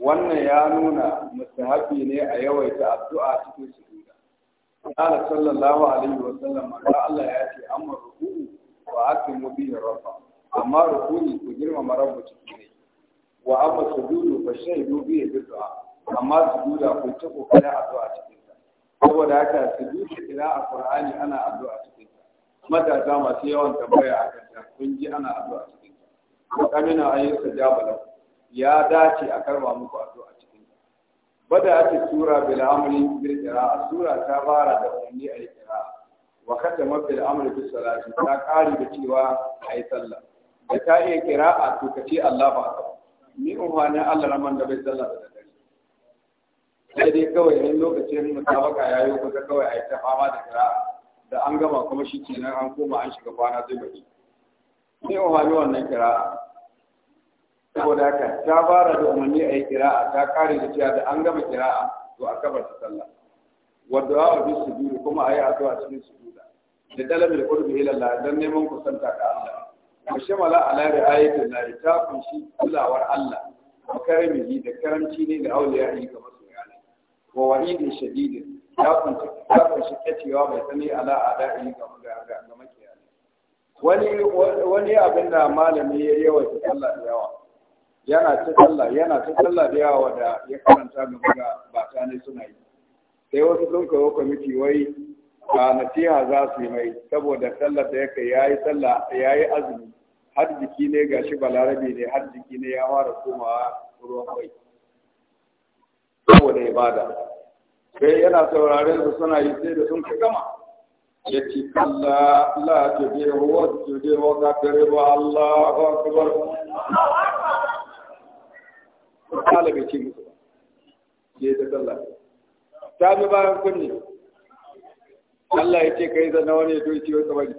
wannan ya nuna mustahabi ne a yawaita addu'a cikin su. قال صلى الله عليه وسلم قال الله ياتي اما الركوع واكرم به الرفع اما ركوعي كجرم مرب تكيني واما السجود فشهدوا به بالدعاء اما السجود كنت كنا الدعاء تكيني saboda haka sujud ila alqur'ani ana addu'a cikin ta matasa masu yawan tambaya a kanta kun ji ana addu'a cikin ta kamina ayyuka jabala ya dace a karba muku addu'a bada ake sura bil amri bil qira'a sura ta fara da umarni al qira'a wa katama bil amri bis salati ta kare da cewa ayi sallah da ta iya qira'a to kace Allah ba ka ni umarni Allah raman da bai sallah da dare sai dai kawai ne lokacin mutabaka yayi ko ta kawai ayi ta fama da qira'a da an gama kuma shi kenan an koma an shiga kwana zai baki ni umarni wannan qira'a saboda haka ta fara da umarni a yi kira'a ta kare da cewa da an gama kira'a to a kafa ta sallah wadda wa a bisu biyu kuma a yi zuwa cikin su duda da dalabil qurbi ila don dan neman kusanta ga Allah mushamala ala ayatul lahi ta kunshi kulawar Allah wa karamihi da karamci ne da auliya yi ga masoya ne wa wa'idin shadidin ta kunshi ta kunshi kacewa mai tsani ala ada'i ga ga ga makiyaya wani wani abinda malami ya yawaita Allah da yawa yana ta sallah yana ta sallah da yawa da ya karanta mai buga ba ta ne suna yi sai wasu sun kawo kwamiti wai a nasiha za su yi mai saboda sallar da yake ya yi sallah ya yi azumi har jiki ne gashi balarabe ne har jiki ne ya fara komawa ruwan mai saboda ibada sai yana sauraren su suna yi sai da sun fi gama ya ci kalla la tudewa tudewa ka Allah akbar kala bai ce musu ba ta sallah ta bayan kunni Allah ya ce kai zanna wani ya wata bari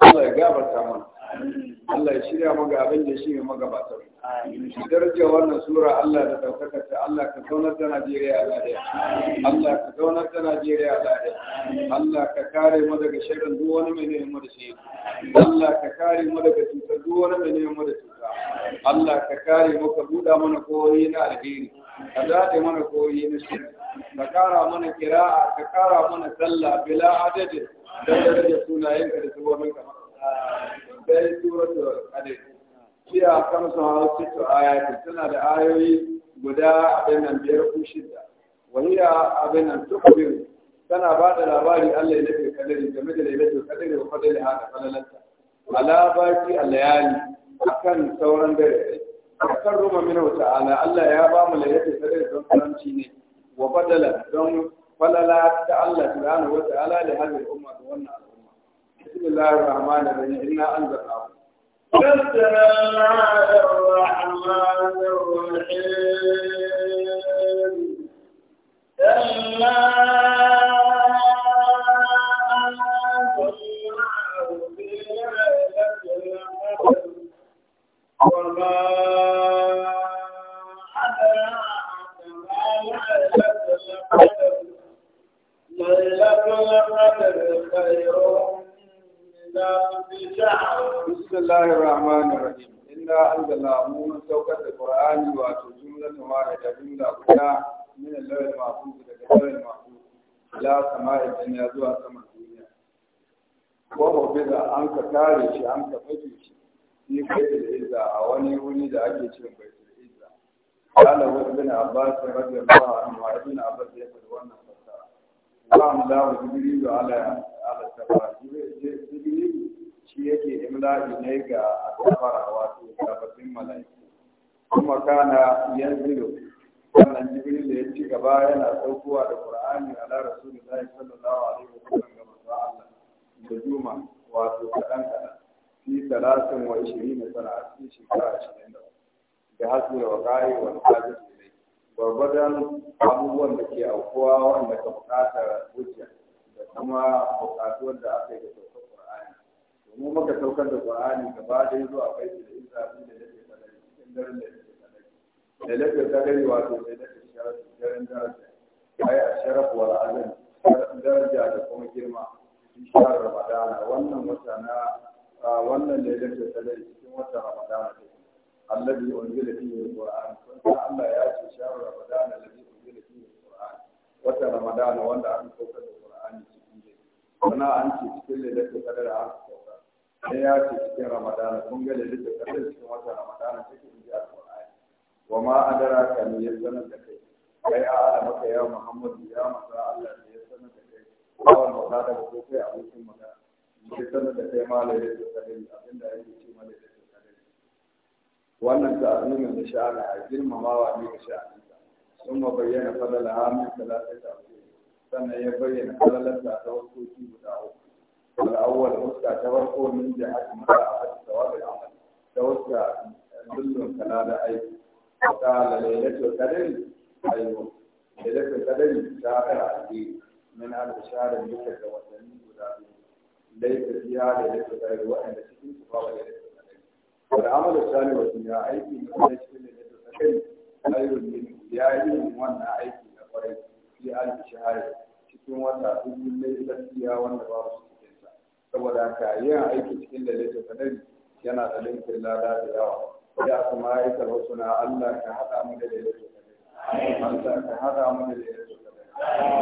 Allah ya gafarta mana Allah ya shirya maga abin da shi ne Shi Daraja wannan sura Allah da daukaka ta Allah ka zaunar da Najeriya lafiya. Allah ka zaunar da Najeriya lafiya. Allah ka kare mu daga shirin duk wani mai neman da shi. Allah ka kare mu daga cutar duk wani mai neman da cuta. Allah ka kare mu ka buɗa mana koyi na alheri. Ka zaɗe mana koyi na shirin. Ka kara mana kira'a, ka kara mana sallah bila adadin. Dan daraja sunayenka da wani kamar. da shi suratul hadid fiya kamsu hawsitu ayati tana da ayoyi guda abin nan biyar ko shida ya abin nan tukubin? tana ba da labari Allah ya nufi kadari game da lailatul kadari wa fadli hada falalanta ala baki a kan sauran dare akan ruma min ala, Allah ya ba mu lailatul kadari don karanci ne wa fadala don falala ta Allah subhanahu wata ala da hadin umma da wannan بسم الله الرحمن الرحيم إنا أنزلناه بسم الله الرحمن الرحيم إنا أنزلناه في ليلة القدر وما bismillahir rahmanir rahim inna anzalna mun saukar da qur'ani wato jumlatan wahida jumla guda min al-lawhil mahfuz daga lawhil mahfuz la sama'i dunya zuwa sama duniya wa mubida da ka kare shi an ka fage shi kai da izza a wani wuri da ake cewa baitul izza qala wa ibn abbas radiyallahu anhu wa ibn abbas ya faɗi wannan fasara wa amdahu jibril ala ala tafa jibril shi yake imla'i ne ga asabara wato gabatin mala'iku kuma kana yanzu wannan jibril da ya ci gaba yana saukowa da qur'ani ala rasulullahi sallallahu alaihi wasallam ga manzo Allah da juma wato kadan kadan fi talatin wa ishirin sana a cikin shekara 20 da da hasu da wakai wa kaji gwargwadon abubuwan da ke aukuwa wanda ka bukatar hujja da kuma bukatuwar da aka yi da mu maka saukar da Qur'ani gaba da zuwa kai da Isra'ila da yake kadari cikin daren da yake kadari da yake kadari wato da yake sharafi daren daraja ai a sharaf wa azam daraja da kuma girma in sha Ramadana wannan wata na wannan da yake kadari cikin wata Ramadana ne allah alladhi unzila fihi al-Qur'an kun Allah ya ce sha Ramadana alladhi unzila fihi al-Qur'an wata Ramadana wanda an saukar da Qur'ani cikin ne kana an ce cikin da yake kadari sai ya ce cikin ramadana kun ga lalin da kasar cikin wata ramadana cikin inji alƙur'ani wa ma adara ka ne ya sanar da kai kai a ala maka ya muhammadu ya masa allah ne ya sanar da kai kawai mata daga ko kai abokin magana ya sanar da kai ma lalin da kasar abinda yake ce ma lalin da kasar wannan ta azumin da sha'ana a girmamawa ne ga sha'ani sun ma bayyana fadala hamin talatin da sannan ya bayyana fadalar ta ta wasu guda uku الأول وسع تبركه من جهة مراعاة ثواب العمل توسع ذل كلام أي قال ليلة القدر أيوه ليلة القدر شاعر عندي من هذا البشار بك كوثني ولابد ليس فيها ليلة القدر وأن تكون تقابل ليلة القدر والعمل الثاني والدنيا في مدرسة ليلة القدر خير من يعين وانا أيدي في ألف شهر تكون في ليلة فيها وانا بارسل saboda ka yin aiki cikin da littattafai yana da linkin lada da yawa ya kuma aika wasu na Allah ka haɗa mu da littattafai Allah ka haɗa mu da littattafai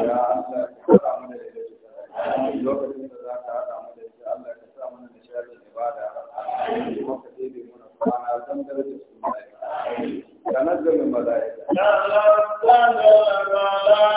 ya Allah ka haɗa mu da littattafai lokacin da za ka haɗa mu da ita Allah ka sa mana da ibada kuma ka ɗebe mana Ka don darajar sunaye تنزل الملائكة تنزل الملائكة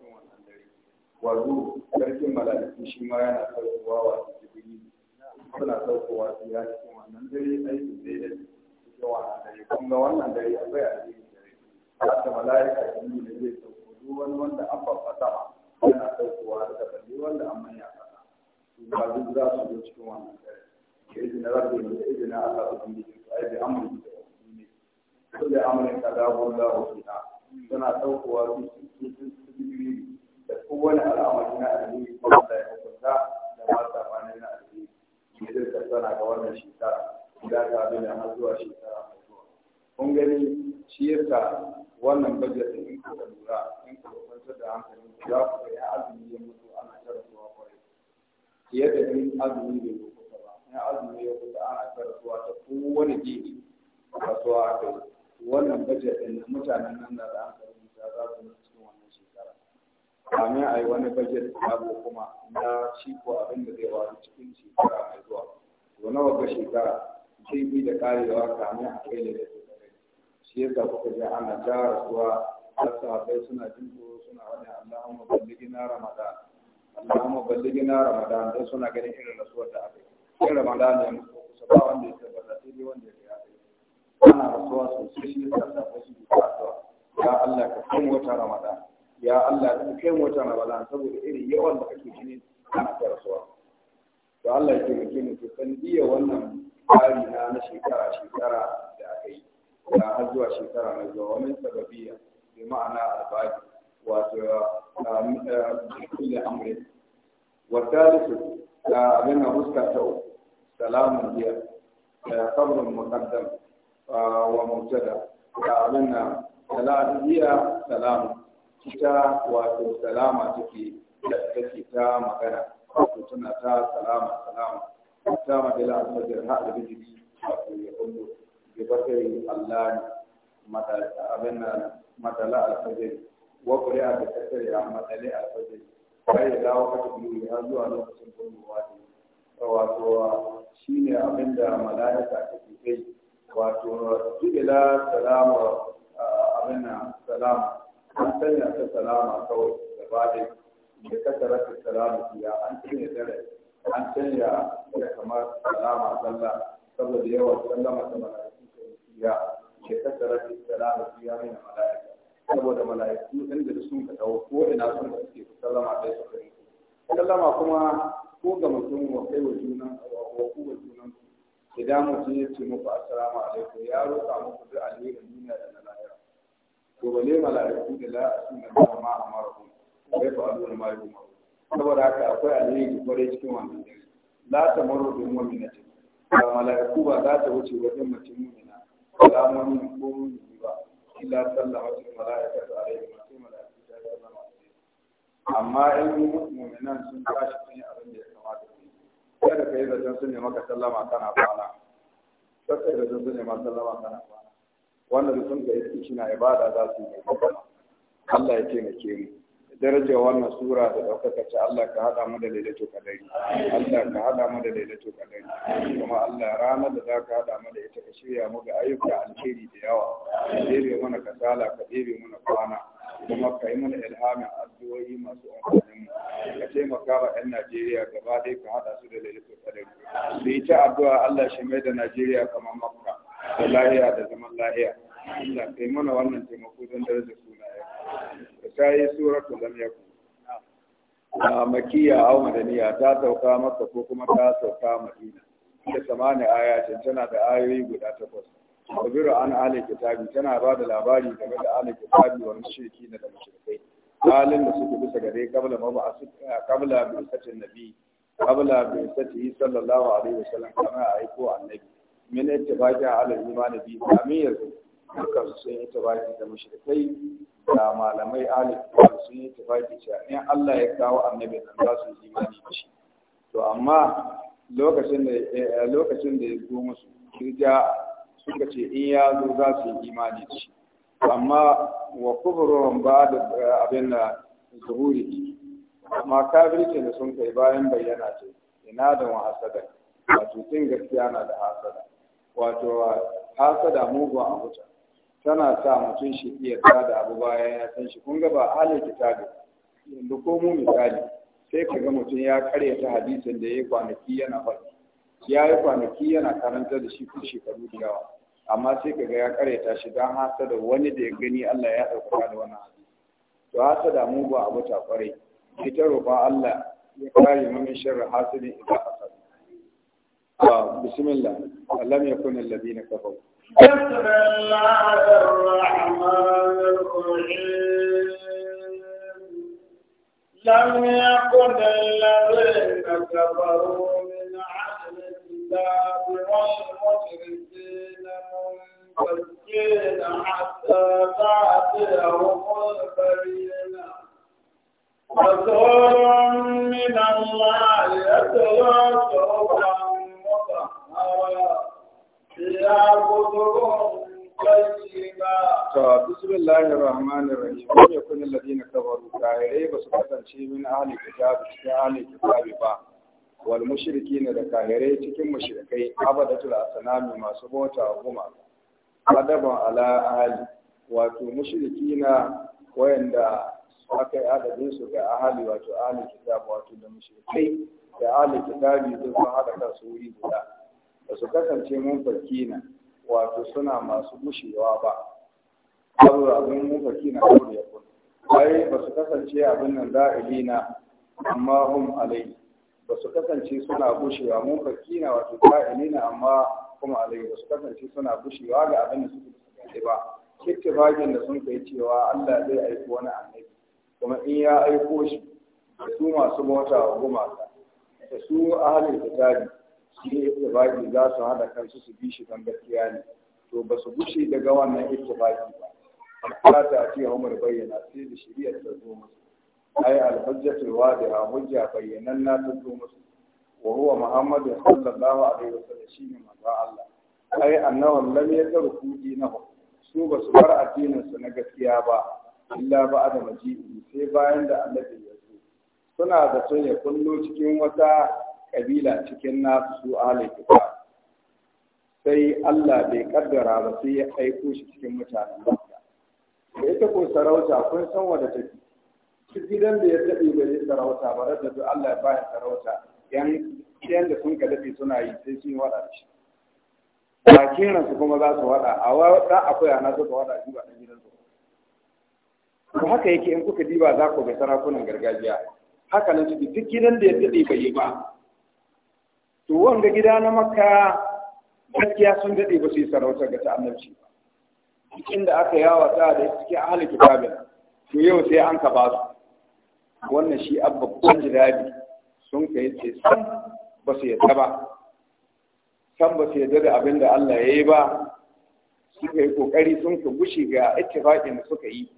wazo sarkin mala'iku shi ma yana saukowa a jibiri suna saukowa su ya cikin wannan dare aikin zai da ke wannan dare kun ga wannan dare akwai alheri dare haka mala'ika da zai sauko wani wanda an babba yana saukowa da kalli wanda an manya kasa su ba duk za su zo cikin wannan dare da na rabbi ne da izinin Allah ubangiji su aibi amuri da ubangiji da amurin kadabu Allah wa fiha suna saukowa su cikin da kowane al'amari na addini ko Allah ya hukunta da ba ta bani na addini ne zai tattara ga wannan shekara da ta bi da har zuwa shekara mai zuwa kun gani shi yasa wannan budget din in kuka lura in kuka kwantar da hankali. ku za ku ga ya azumi ya mutu ana ta rasuwa kwarai fiye da in azumi bai zo kusa ba in azumi ya kusa ana ta rasuwa ta kowane gefe kasuwa aka yi wannan budget din mutanen nan da hankali, ku za su mutu kamin a yi wani bajet na kuma na ciko abin da zai wani cikin shekara mai zuwa to nawa wata shekara zai bi da karewa kamin a kai da shi ya yasa kuka ji ana zuwa rasuwa sahabbai suna jin tsoro suna wani Allahumma balligina Ramadan Allahumma Ramadan dan suna ganin irin rasuwar da aka yi irin Ramadan ne musu kusa ba wanda ya tabbata sai dai wanda ya yi ana rasuwa sosai shi yasa sahabbai su ji ya Allah ka kai wata Ramadan يا الله كم وجهنا بلان سبب إني يوم بحكي جنين أنا في رسول الله فالله يقول كم تكن وانا عارينا أنا شكرا شكرا يا أخي يا أزوا شكرا مزوا ومن سببية بمعنى الباب وتو كل أمر والثالث لا بين رزق تو سلام دي قبل المقدم وموجدة لا بين سلام دي سلام ita wato salama take take ta magana wato tana ta salama salama ta madala a cikin da bijiri wato ya kullu bi bakari allah madala abin madala alfajir wa qur'a da kasri ya madala alfajir kai dawo wata biyu ya zuwa lokacin kulluwa wato shine abin da malaika take kai wato ila salama abin salama an sanya ta salama kawai da baɗin da kasara ta salama fiya an sanya dare an sanya da kamar salama sallah saboda yawan sallama ta mala'iku ta fiya da kasara ta salama fiya mai mala'ika saboda mala'iku inda sun ka dawo ko ina sun ka suke sallama ɗaya su kai sallama kuma ko ga mutum wa kai wa junan wa ku wa junan idan mutum ya ce muku assalamu alaikum ya roƙa muku duk alherin duniya da na to bale mala'iku da la asuna da ma amaru bai fa aluna ma yu saboda haka akwai alheri kware cikin wannan dare la ta maru da mu'minati ba mala'iku ba za ta wuce wajen mutum mu'mina alamomi ko mu'mini ba illa sallamatul mala'ikatu alaihi wa sallam mala'iku ta sallama amma in mu'minan sun tashi sun yi abin da ya kamata su yi kada ka yi zaton sun yi maka sallama kana kwana kada ka yi zaton sun yi maka sallama kana kwana wannan sun ga iski na ibada za su yi Allah ya taimake mu daraja wannan sura da daukaka ce Allah ka hada mu da lailatul qadari Allah ka hada mu da lailatul qadari kuma Allah rana da za ka hada mu da ita ka shirya mu ga ayyuka alheri da yawa dare mana kasala ka dare mana kwana kuma ka yi mana ilhamin addu'o'i masu amfani mu ka taimaka wa 'yan Najeriya gaba ɗaya ka haɗa su da lailatul qadari su yi ta addu'a Allah shi mai da Najeriya kamar Makka da lahiya da zaman lahiya Allah sai mana wannan taimako don da sunayen da ta yi suratu lam yakun a makiya a madaniya ta sauka maka ko kuma ta sauka madina da samani aya tana da ayoyi guda takwas kabiru an ala kitabi tana ba da labari game da ala kitabi wa mushriki da mushrikai halin da suke bisa gare kabla maba kabla bi satin nabi kabla bi sati sallallahu alaihi wasallam kana aiko annabi min ittifaqi ala imani bi amir dukkan su sun ittifaqi da mushrikai da malamai ahli kitab sun ittifaqi cewa in Allah ya kawo annabi nan za su imani da shi to amma eh, lokacin da ya zo musu kirja suka ce in ya zo za su yi imani da shi amma wa kufruhum ba'da eh, abin da zuhuri amma kafirci da sun kai bayan bayyana ce ina da wa hasada wato tun gaskiya na da hasada wato hasada mugun abuta tana sa mutum shi iya da abu bayan ya san shi kun ga ba halin kitabi yanzu ko mu misali sai ka ga mutum ya ta hadisin da ya kwanaki yana faɗi ya yi kwanaki yana karanta da shi kun shekaru da yawa amma sai ka ga ya ta shi don hasada wani da ya gani Allah ya ɗauka da wani abu. to hasada mugun abuta kwarai ita roƙon Allah ya kare mu min sharri hasidin idan آه، بسم الله لم يكن الذين كفروا بسم الله الرحمن الرحيم لم يكن الذين كفروا من أهل الكتاب والمشركين منفكين حتى تأتيهم البينة رسول من الله يتلو سبحانه To, bismillahir rahmanir rahim. Kuma kun alladina kafaru Kahirai ba su kasance min ahli kitab cikin ahli kitab ba. Wal ne da Kahirai cikin mushrikai abadatul asnami masu bauta goma. Adaban ala ahli wato mushrikina wayanda aka yi adadin su ga ahli wato ahli kitab wato da mushrikai da ahli kitabi sun hada kansu wuri guda. ba su kasance mun farki na wato suna masu gushewa ba abu abin mun farki na abu ya kun ai ba su kasance abin nan da'ili na amma hum alai ba su kasance suna gushewa mun farki na wato da'ili na amma kuma alai ba su kasance suna gushewa ga abin da suke kasance ba kittibagin da sun kai cewa Allah zai aiki wani annabi kuma in ya aiko shi da su masu mota wa gumaka da su ahalin kitabi shi ne ittifaqi za su haɗa kansu su bi shi dan gaskiya ne to ba su gushe daga wannan ittifaqi ba ta ta ce Umar bayyana sai da shari'a ta zo musu ai al-hujjatul wadiha hujja na ta zo musu wa huwa Muhammad sallallahu alaihi wasallam ne manzo Allah ai annahu lam yatruku dinahu su ba su bar addinin su na gaskiya ba illa ba da maji'i sai bayan da annabi ya zo suna da son ya kullo cikin wata kabila cikin nasu su ahalin kitab sai Allah bai kaddara ba sai ya aiko shi cikin mutanen ba. da ita ko sarauta kun san wanda take cikin gidan da ya taɓe ba yi sarauta ba da su Allah ba ya sarauta yan yan da sun kadafi suna yi sai sun wada shi ba kiran su kuma za su wada a wada akwai ana su ka wada shi ba dan gidan su Ba haka yake in kuka diba za ku ga sarakunan gargajiya haka nan cikin duk gidan da ya taɓe bai yi ba to wanda gida na makka gaskiya sun daɗe ba su yi sarautar ga ta'annabci ba cikin da aka yawa ta da suke ahli kitabin to yau sai an ka ba su wannan shi abba ko dadi, sun kai ce san ba su yadda ba san ba su yadda da abin da Allah ya yi ba suka yi kokari sun ka gushi ga ittifaqin da suka yi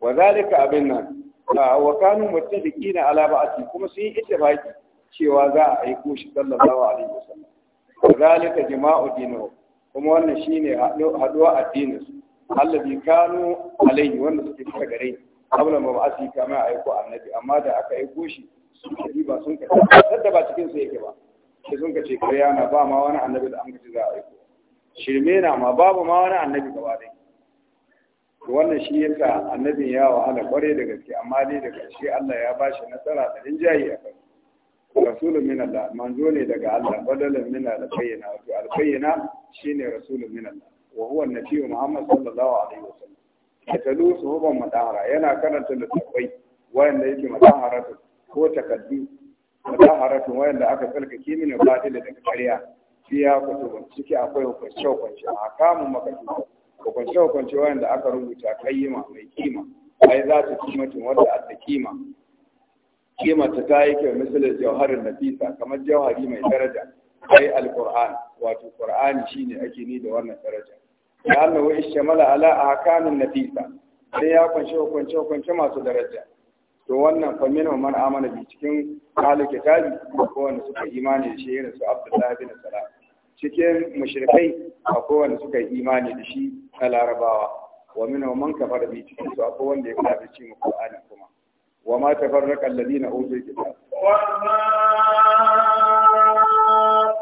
wa zalika abin nan wa kanu muttafiqina ala ba'ati kuma sun yi ittifaqi cewa za a aiko shi sallallahu alaihi wasallam kazalika jima'u dinu kuma wannan shine haduwa addinin Allah allazi kanu alaihi wanda suke kira gare abula ba asi kamar aiko annabi amma da aka aiko shi shi ba sun ka sadda ba cikin su yake ba sai sun kace kariya na ba ma wani annabi da an gaji za a aiko shirme na ma babu ma wani annabi gaba dai wannan shi yasa annabin ya wahala kware da gaske amma dai da ƙarshe Allah ya bashi nasara da rinjaye a kai rasulun min Allah manzo ne daga Allah badalan min al-bayyina wato al-bayyina shine rasulun min Allah wa huwa annabi Muhammad sallallahu alaihi wasallam yatalu suhuban madahara yana karanta littafai wayanda yake madaharatu ko takaddu madaharatu wayanda aka tsarkake min batila daga ƙarya ya kutuba ciki akwai hukunce hukunce a kamun makatu hukunce hukunce wayanda aka rubuta kayyima mai kima ai za ta kimatin wanda a kima kimanta ta yi kyau misalin jauharin nafisa kamar jauhari mai daraja ai alqur'an wato qur'ani shine ake ni da wannan daraja ya annahu ishtamala ala ahkamin nafisa sai ya kunshi hukunce hukunce masu daraja to wannan fa min man amana bi cikin ahli kitabi ko wanda suka imani da shi irin su abdullah bin salam cikin mushrikai akwai wanda suka yi imani da shi na larabawa wa min man kafara bi cikin su akwai wanda ya kafirci mu qur'ani ko وما تفرق الذين أوتوا الكتاب وما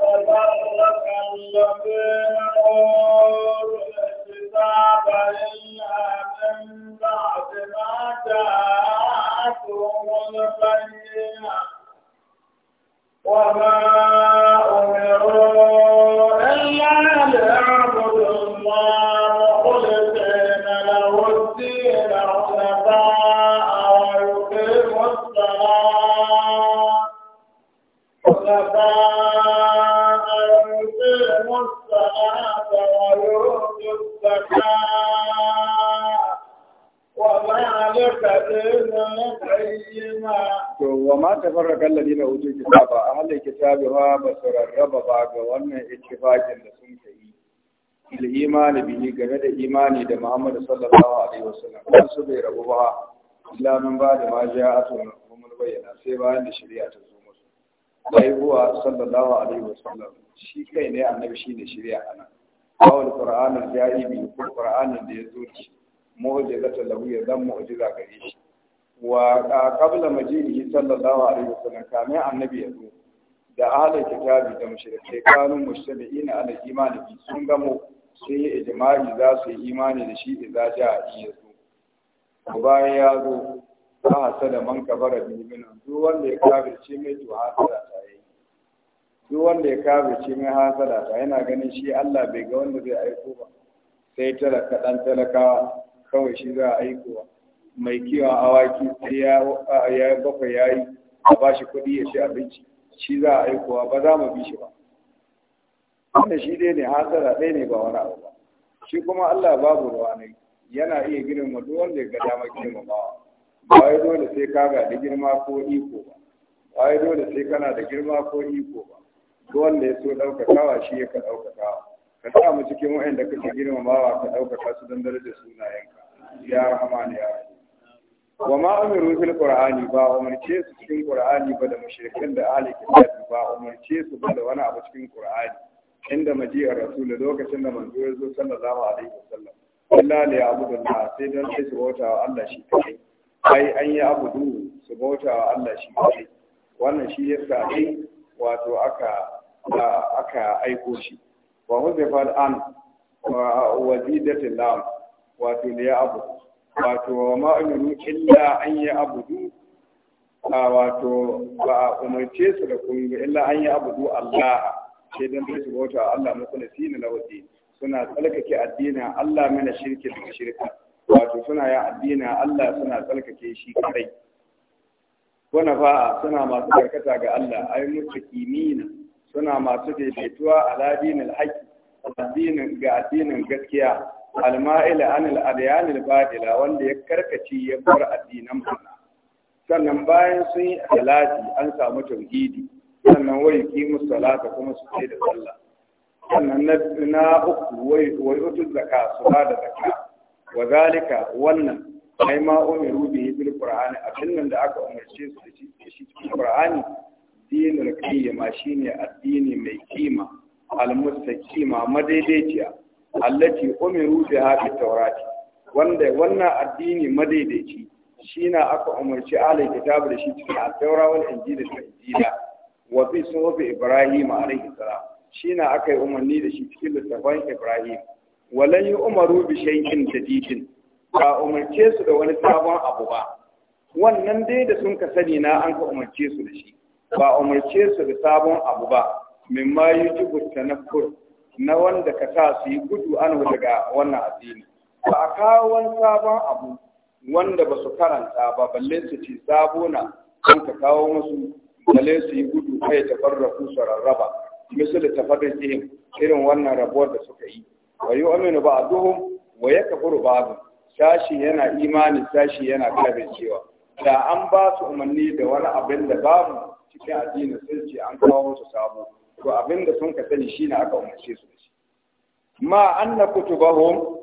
تفرق الذين أوتوا الكتاب إلا من بعد ما جاءتهم البينة وما أمروا fakin da sun kai il imani biyu game da imani da Muhammadu sallallahu alaihi wasallam kan su bai rabu ba illa min ba da majiyatu mun bayyana sai bayan da shari'a ta zo musu sai sallallahu alaihi wasallam shi kai ne annabi ne shari'a anan awal qur'anin ya yi biyu ko qur'anin da ya zo shi mu'jizatan ta ya zan mu'jiza yi shi wa majiyar yi sallallahu alaihi wasallam kamar annabi ya zo da ahalar kitabi da mushrikai kanu mustami'ina ala imani bi sun gamo sai ya ijma'i za su yi imani da shi idza iya yazo ko bayan ya zo ta hasada man kabara bi min duk wanda ya kabirce mai to hasada ta yi duk wanda ya kabirce mai hasada ta yana ganin shi Allah bai ga wanda zai aiko ba sai talaka dan talakawa kawai shi za a ba. mai kiwon awaki sai ya bakwai yayi a bashi kuɗi ya ci abinci shi za a aikowa ba za mu bi shi ba wannan shi dai ne hasara ɗaya ne ba wani abu ba shi kuma Allah babu ruwa ne yana iya mu duk wanda ga dama girmamawa ba wai dole sai ka ga da girma ko iko ba ba wai dole sai kana da girma ko iko ba duk wanda ya so ɗaukakawa shi ya ka ɗaukakawa ka sa mu cikin wa'anda kake girmamawa ka ɗaukaka su don darajar sunayenka ya rahama ya rahama wa ma umiru fil qur'ani ba umarce su cikin qur'ani ba da mushrikin da ahli kitab ba umarce su ba da wani abu cikin qur'ani inda majiyar rasul lokacin da manzo ya zo sallallahu alaihi wasallam illa li ya'budu Allah sai dan sai su bauta wa Allah shi kai ai an yi abudu su bauta wa Allah shi kai wannan shi yasa dai wato aka aka aiko shi wa huzafa an wa wazidatul lam wato ne ya abudu wato wa ma'amuru illa an yi abudu a wato ba a umarce su da kunga illa an yi abudu Allah sai don su bauta Allah muku na na waje. suna tsalkake addinin Allah mana shirki da shirka wato suna yin addinin Allah suna tsarkake shi kadai wana fa'a suna masu karkata ga Allah ai Kimina suna masu daidaituwa a ladinin haqq addinin ga addinin gaskiya alma'ila anil adyanil badila wanda ya karkaci ya bar addinan bana sannan bayan sun yi salati an samu tauhidi sannan wai kimu salata kuma su ce da sallah sannan na uku wai wai utul su ba da zakka wa zalika wannan ai ma umiru bihi bil qur'ani abin nan da aka umarce su da shi cikin qur'ani dinul qayyima shine addini mai kima al mustaqima madaidaiciya allati umiru bi fi tawrati wanda wannan addini madaidaici shi na aka umarci alai kitabu da shi cikin at-taura wal injila da injila wa fi suhufi ibrahim alaihi salam na aka yi umarni da shi cikin littafin ibrahim walan yi umaru bi shay'in tadidin ba umarce su da wani sabon abu ba wannan dai da sun ka sani na an ka umarce su da shi ba umarce su da sabon abu ba mimma yujibu tanakkur na wanda ka sa su yi gudu an daga wannan addini ba a kawo wani sabon abu wanda ba su karanta ba balle su ci sabo na kan ka kawo musu balle su yi gudu kai ta farra su rarraba misali tafarrakihim irin wannan rabuwar da suka yi wa yi aminu ba a duhun wa ya kafuru ba sashi yana imani sashi yana cewa. da an ba su umarni da wani abin da babu cikin addini sun ce an kawo musu sabo to abinda sun ka sani shine aka umarce su shi ma anna kutubahum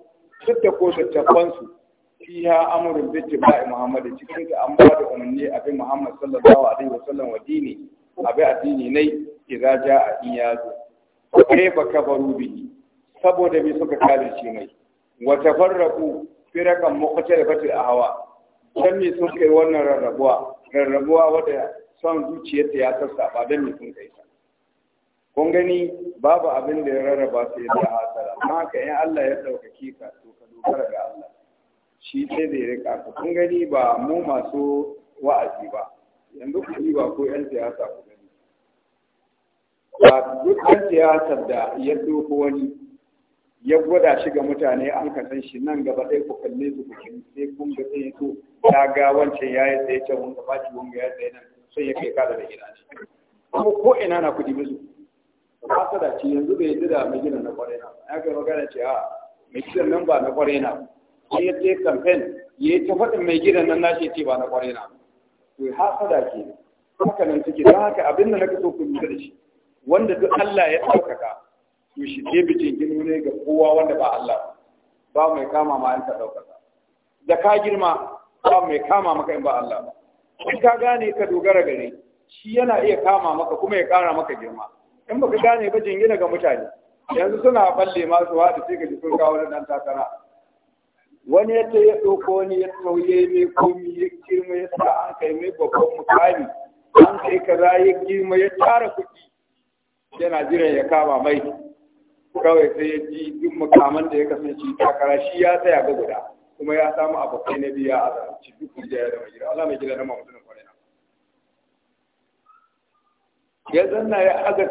sitta ko tattafan su fiha amrun bi tibai muhammad cikin ka an ba da umarni abin muhammad sallallahu alaihi wasallam wa dini abi addini ne idza jaa in yazo kai ba kabaru bi saboda me suka kare shi mai wa tafarraqu firakan muqtarifati ahwa dan me sun kai wannan rarrabuwa rarrabuwa wadda son zuciyarta ya Ba dan me sun kai ta kun gani babu abin da ya rarraba su da hasara amma ka yi Allah ya ɗaukaki ka to ka dogara ga Allah shi sai zai rika ka kun gani ba mu masu wa'azi ba yanzu ku ba ko yan siyasa ku gani ba duk yan siyasar da ya doko wani ya gwada shi ga mutane an ka san shi nan gaba ɗaya ku kalle su ku kin sai kun ga sai to ya ga wancan yayi sai ya ce wanga ba ci wanga ya sai nan sai ya kai kada da gida ne ko ina na kudi bizu hasada ce yanzu bai yi da mai gina na kwarai na ya kai magana ce a mai gidan nan ba na kwarai na sai ya ce kamfen ya yi ta faɗin mai gidan nan na ce ba na kwarai na ya to hasada ke haka nan take don haka abin da na kaso ku lura da shi wanda duk Allah ya ɗaukaka to shi ne bijin gino ne ga kowa wanda ba Allah ba mai kama ma an ta ɗaukaka da ka girma ba mai kama maka in ba Allah ba in ka gane ka dogara gare shi yana iya kama maka kuma ya ƙara maka girma in baka gane ba jingina ga mutane yanzu suna balle masu wada sai ka ji sun kawo nan takara wani ya ta ya ɗauko ni ya tauye mai komi ya girma ya sa an kai mai babban mukami an kai kaza ya girma ya tara kuɗi yana jiran ya kama mai kawai sai ya ji duk mukaman da ya kasance takara shi ya tsaya ga guda kuma ya samu abokai na biya a zarci duk da ya da mai gida Allah mai gida na mamutuna ya zanna ya aga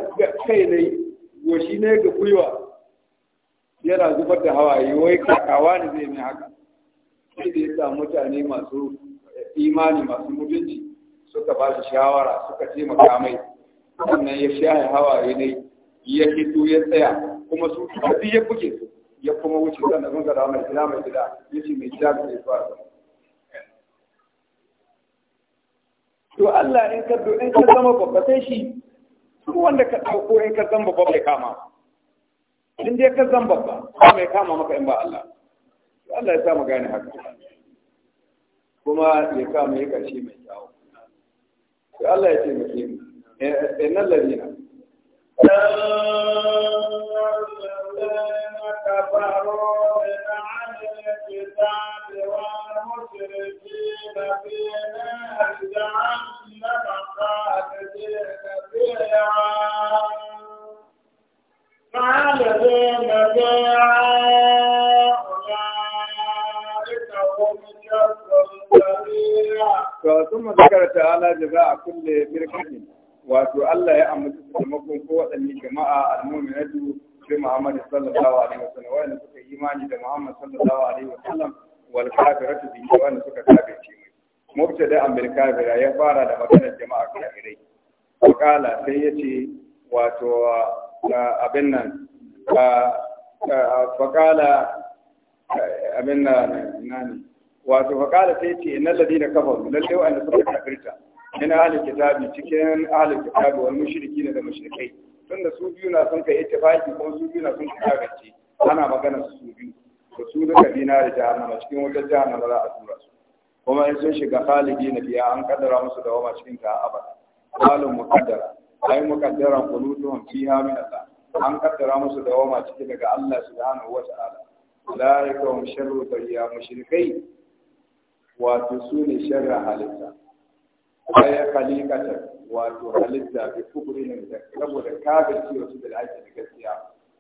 kai ne goshi ne ga gwiwa yana zubar da hawaye wai kakawa ne zai mai haka sai da ya sa mutane masu imani masu mutunci suka ba shi shawara suka ce makamai, wannan ya sha ya hawaye ne ya fito ya tsaya kuma su duk ya buke ya kuma wuce sannan da gada mai gida mai gida ya ce mai gida zai zuwa to Allah in ka zama babba sai shi duk wanda ka ɗauko in ka zan babba bai kama in dai ka zan babba ba mai kama maka in ba Allah Allah ya sa mu gane haka kuma ya kama ya ƙarshe mai kyawu to Allah ya ce mu ke eh, eh, inna ladina Allah الكتاب والمشركين في نار جهنم خالدين فيها خالدين فيها أولئك هم شر ثم ذكر تعالى جزاء كل مركب wato Allah ya amince su da makon ko waɗanne jama'a al محمد صلى الله عليه وسلم وانا سكى ايماني بمحمد صلى الله عليه وسلم والكافرة دي وانا سكى كافر شيمي مبتدا من الكافر يا فارا لما كان الجماعة كافرين وقال سيتي واتو ابنا فقال ابنا ناني واتو فقال سيتي ان الذين كفروا من اللي وانا سكى كافرين من اهل الكتاب تشكين اهل الكتاب والمشركين المشركين tunda su biyu na son ka yi tafaki kuma su biyu na son ka kagace ana magana su biyu da su duka dina da jahannama cikin wata jahannama za a tura su kuma in sun shiga khalidi na biya an kaddara musu da wama cikin ta abada qalu muqaddara ay muqaddaran qulutuhum fiha min Allah an kaddara musu da wama cikin daga Allah subhanahu wa ta'ala ulaika hum sharru bayya mushrikai wa su ne sharra halitta bayan halikata wato halitta bi kubrin da saboda kaga cewa su da haƙi da gaskiya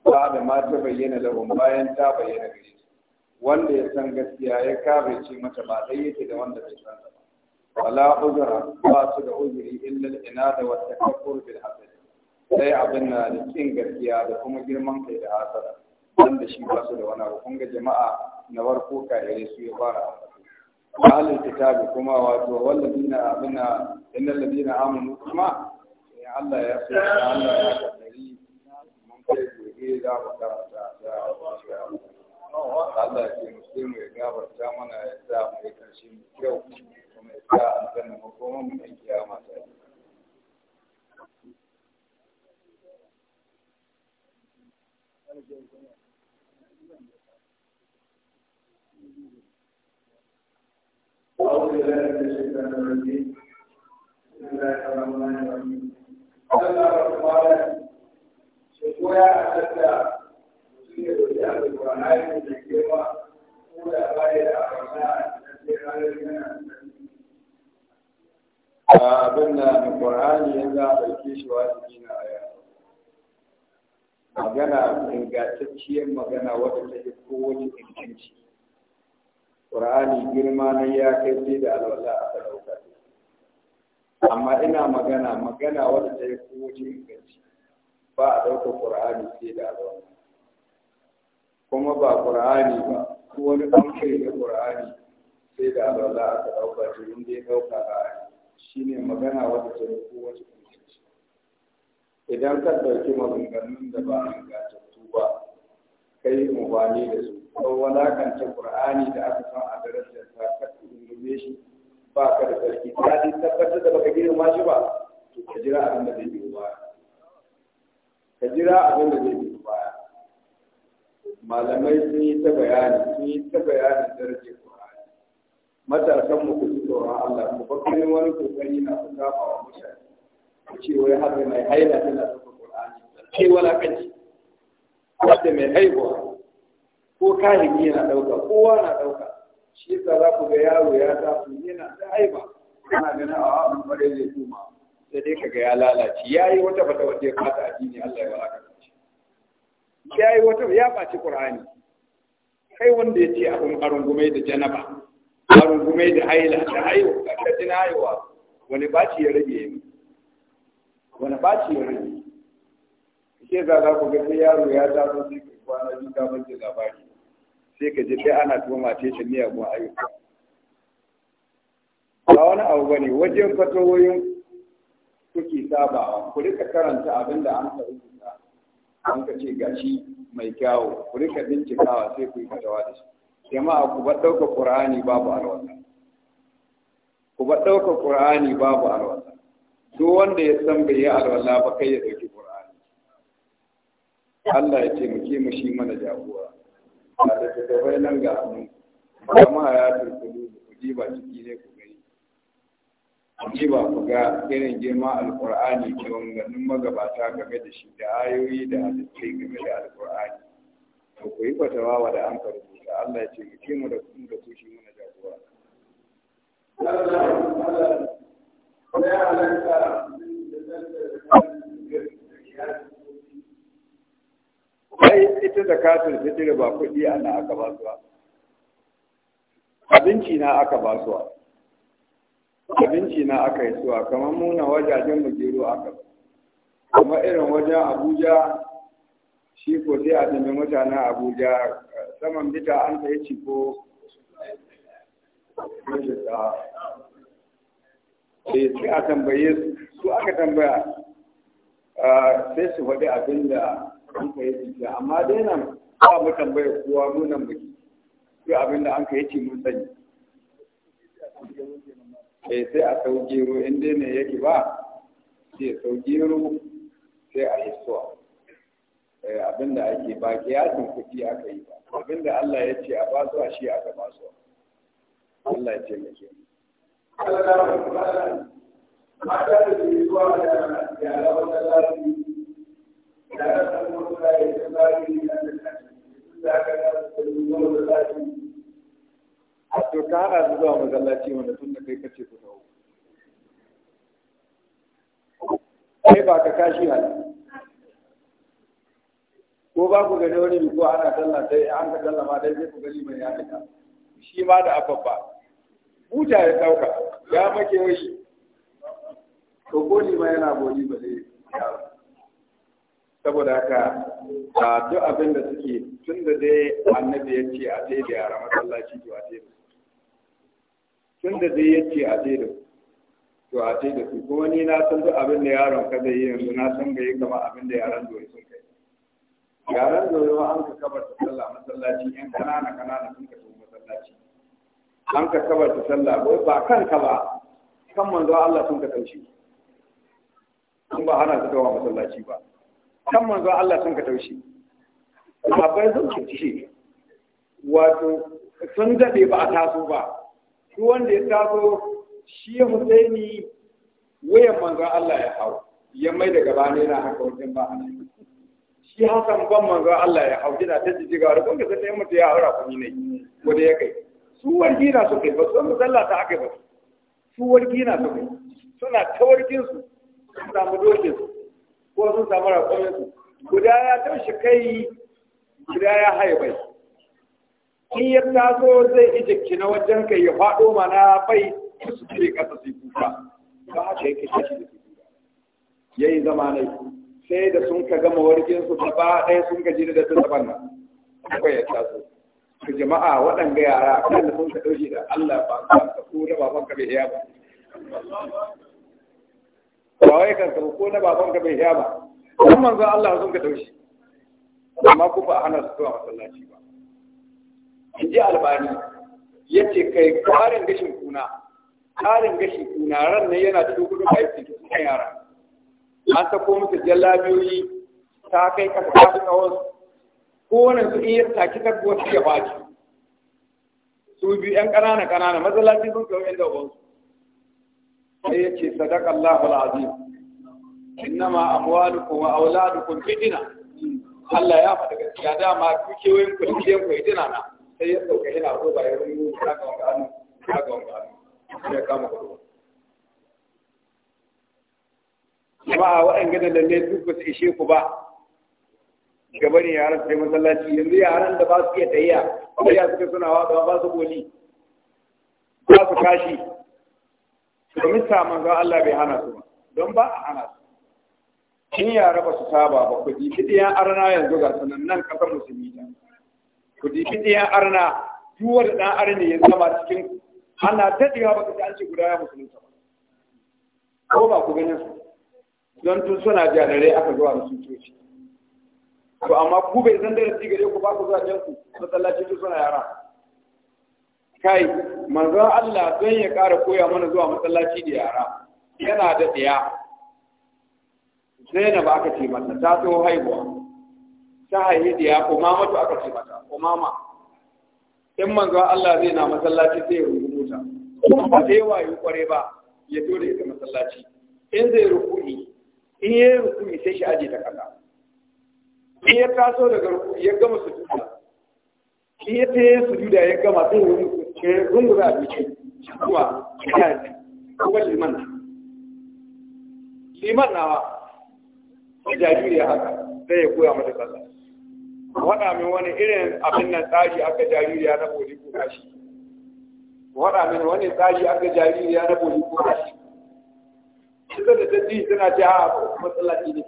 ba da ma ta bayyana lahum bayan ta bayyana gare wanda ya san gaskiya ya kabe ce mata ba dai yake da wanda bai san ba wala uzra ba su da uzuri illa al-inada wa takabbur bil hasad sai abin na da kin gaskiya da kuma girman kai da hasada wanda shi ba su da wani abu kun ga jama'a na warko ka yare su ya fara ahalin kitabi kuma wato wallazina abuna innal ladina amanu kuma ya eh, Allah ya so Allah ya kadari mun kai gobe za mu karanta da Allah ya ce mu ya gabarta mana ya sa mu karshe mai kyau kuma ya sa an zanna mu koma mu abin da na ƙorani ya za a ɗauke shi wa su gina a yara magana ingantacciyar magana wadda ta yi kowace ingantacciyar ƙur'ani girma na ya kai sai da alwala aka ɗauka amma ina magana magana wadda ta yi kowace inganci ba a ɗauka ƙur'ani sai da alwala kuma ba ƙur'ani ba ko wani ɓangare da ƙur'ani sai da alwala aka ɗauka shi inda ya ɗauka a shi ne magana wadda ta yi kowace inganci idan ka ɗauki maganganun da ba ingantattu ba kai yi bane da su ko walakanta qur'ani da aka san a darajar ta ka tungume shi ba ka da sarki ta dai tabbatar da baka girma shi ba to ka jira abin da zai biyo baya ka jira abin da zai biyo baya malamai sun yi ta bayani sun yi ta bayani darajar qur'ani matasan mu ku ji tsoron Allah ku bakkani wani kokari na ku saba wa mutane ku ce wai haka mai haila tana saka qur'ani sai walakanci wanda mai haihuwa ko kahimi yana ɗauka kowa na ɗauka shi yasa za ku ga yaro ya taso yana da haiba ana ganin a abin kwarai zai koma sai dai kaga ya lalace ya yi wata bata wata ya fata addini Allah ya baraka ya yi wata ya ɓaci Qur'ani kai wanda ya ce abin arungume da janaba arungume da haila da haihuwa da jina haihuwa wani baci ya rage yi wani baci ya rage ke za za ku ga sai yaro ya taso sai kwana biyu kamar mace labari sai ka je sai ana tuma ce shi miyagun ayyuka ba wani abu ba ne wajen fatawoyin kuke sabawa ku rika karanta abin da an rubuta an ka ce gashi mai kyawu ku rika bincikawa sai ku yi fatawa da shi jama'a ku ba dauka ƙur'ani babu alwata ku ba dauka qur'ani babu alwata duk wanda ya san bai yi alwala ba kai ya dauki ƙur'ani Allah ya ce mu ke mu shi mana jagora ba da tattafai nan ga hannu amma ya turkudu ku ji ba ciki ne ku gani ku ji ba ku ga irin girma alkur'ani ke wangannin magabata game da shi da ayoyi da hadisai game da alkur'ani to ku yi fatawa wa da an ka rubuta Allah ya ce ku ke mu da kun da ku shi muna jagora Allah Allah ya halatta ai ita kafin fitr ba kuɗi ana aka ba su abinci na aka ba su abinci na aka yi suwa kamar muna wajajen mu gero aka kuma irin wajen abuja shi ko sai a tambayi mutanen abuja saman bita an sayi ciko sai eh, sai a tambaye su aka tambaya ah, sai su faɗi abin da an ka yi amma dai nan ba mu tambaya kowa mu nan muke sai abin da an ka yace mun sani eh sai a sauke ru in dai ne yake ba sai sauke sai a yi suwa eh, abin da ake ba kiyasin kuɗi aka yi ba abin da Allah ya ce a ba su a shi aka ba su Allah ya ce mu ke Allah ya ba da mata da zuwa da yara wata lafiya to ka haɗa su zuwa masallaci wanda tun da kai kace ku tawo kai ba ka kashi hali ko ba ku gani wani ko ana sallah dai an ka sallah ma dai sai ku gani mai yaɗa shi ma da ababba buta ya ɗauka ya make wai to goli ma yana goli ba zai yaro saboda haka a duk abin da suke tun da dai annabi ya ce a sai da yara masallaci to a sai da tun da dai ya ce a sai da to a sai da su kuma ni na san duk abin da yaron ka zai yi yanzu na san bai kama abin da yaran dole sun kai yaran dole an ka kabar ta sallah masallaci yan kanana kanana sun ka tafi masallaci an ka kabar ta sallah ba kanka ba kan manzo Allah sun ka kauce kun ba hana su wa masallaci ba kan manzon Allah sun ka taushe sahabbai sun ka tishi wato sun daɗe ba a taso ba shi wanda ya taso shi ya Husaini wayan manzon Allah ya hau ya mai da gaba ne na haka wajen ba shi hasan ban manzon Allah ya hau gida ta jijjiga wani kun ka sai mutu ya haura kuni ne wanda ya kai su wargi na su kai ba su sallah ta aka ba su wargi na su kai suna ta wargin su suna samu su ko sun samu raƙumin su guda ya tashi kai guda ya haibai in ya taso zai ijikki na wajen kai ya faɗo mana bai su cire ƙasa su kuka ba haka yake tashi da su ya yi zama nai sai da sun ka gama warkin su gaba ɗaya sun ka jini da sun taban nan akwai ya taso ka jama'a waɗanda yara kan da sun ka ɗauki da Allah ba ka ko da baban ka bai iya ba ba wai kan ka ko na baban ka bai sha ba kuma manzo Allah sun ka taushi amma ku ba ana su a masallaci ba in ji albani yace kai karin gashin kuna karin gashin kuna ran ne yana cikin kudin aiki cikin yara an ko musu jallabiyoyi ta kai kasa ta fi tsawon kowane su iya taki tabbuwa su ya baci su biyu yan ƙanana ƙanana masallaci sun kawo yan da ubansu sai ya ce sadaka Allahu alazim innama amwalukum wa auladukum fitna Allah ya faɗa gaskiya dama wayin ku kike ku idina na sai ya sauka yana zo ba ya rungu kaga wanga an kaga wanga an ya kama ku a waɗanda da lalle duk ba su ishe ku ba gaba ne yaran sai masallaci yanzu yaran da ba su iya tayya ba ya suka suna wa ba su boli ba su kashi domin ta manzon Allah bai hana su don ba a hana su kin yara ba su saba ba ku dibi ɗiyan arna yanzu ga sanan nan ƙasar musulmi ta ku dibi yan arna duk da dan arna ya zama cikin ana daɗewa ba ka an ce guda ya musulunta ba ko ba ku ganin su don tun suna jarirai aka zuwa musulunci to amma ku bai zan da gare ku ba ku zuwa jan ku masallaci tun suna yara kai manzon Allah don ya ƙara koya mana zuwa masallaci da yara yana da ɗaya Zainab aka ce mata ta so haihuwa ta haihu da ya mata aka ce mata mama. in manzon Allah zai na masallaci sai ya rubuta ba zai wayo kware ba ya zo da ita masallaci in zai rukuni in yi rukuni sai shi aje ta kasa in ya taso daga rukuni ya gama sujuda in ya ta yi sujuda ya gama sai wuri ke eh, rungura a jiki kuma jihadi kuma liman na. liman na nawa jariri haka zai ya koya mata kasa. waɗa min wani irin abin nan tsari aka jaririya na boli ko kashi waɗa min wani tsari aka jaririya na boli ko kashi shi da ta suna ce a ah, matsalaci ne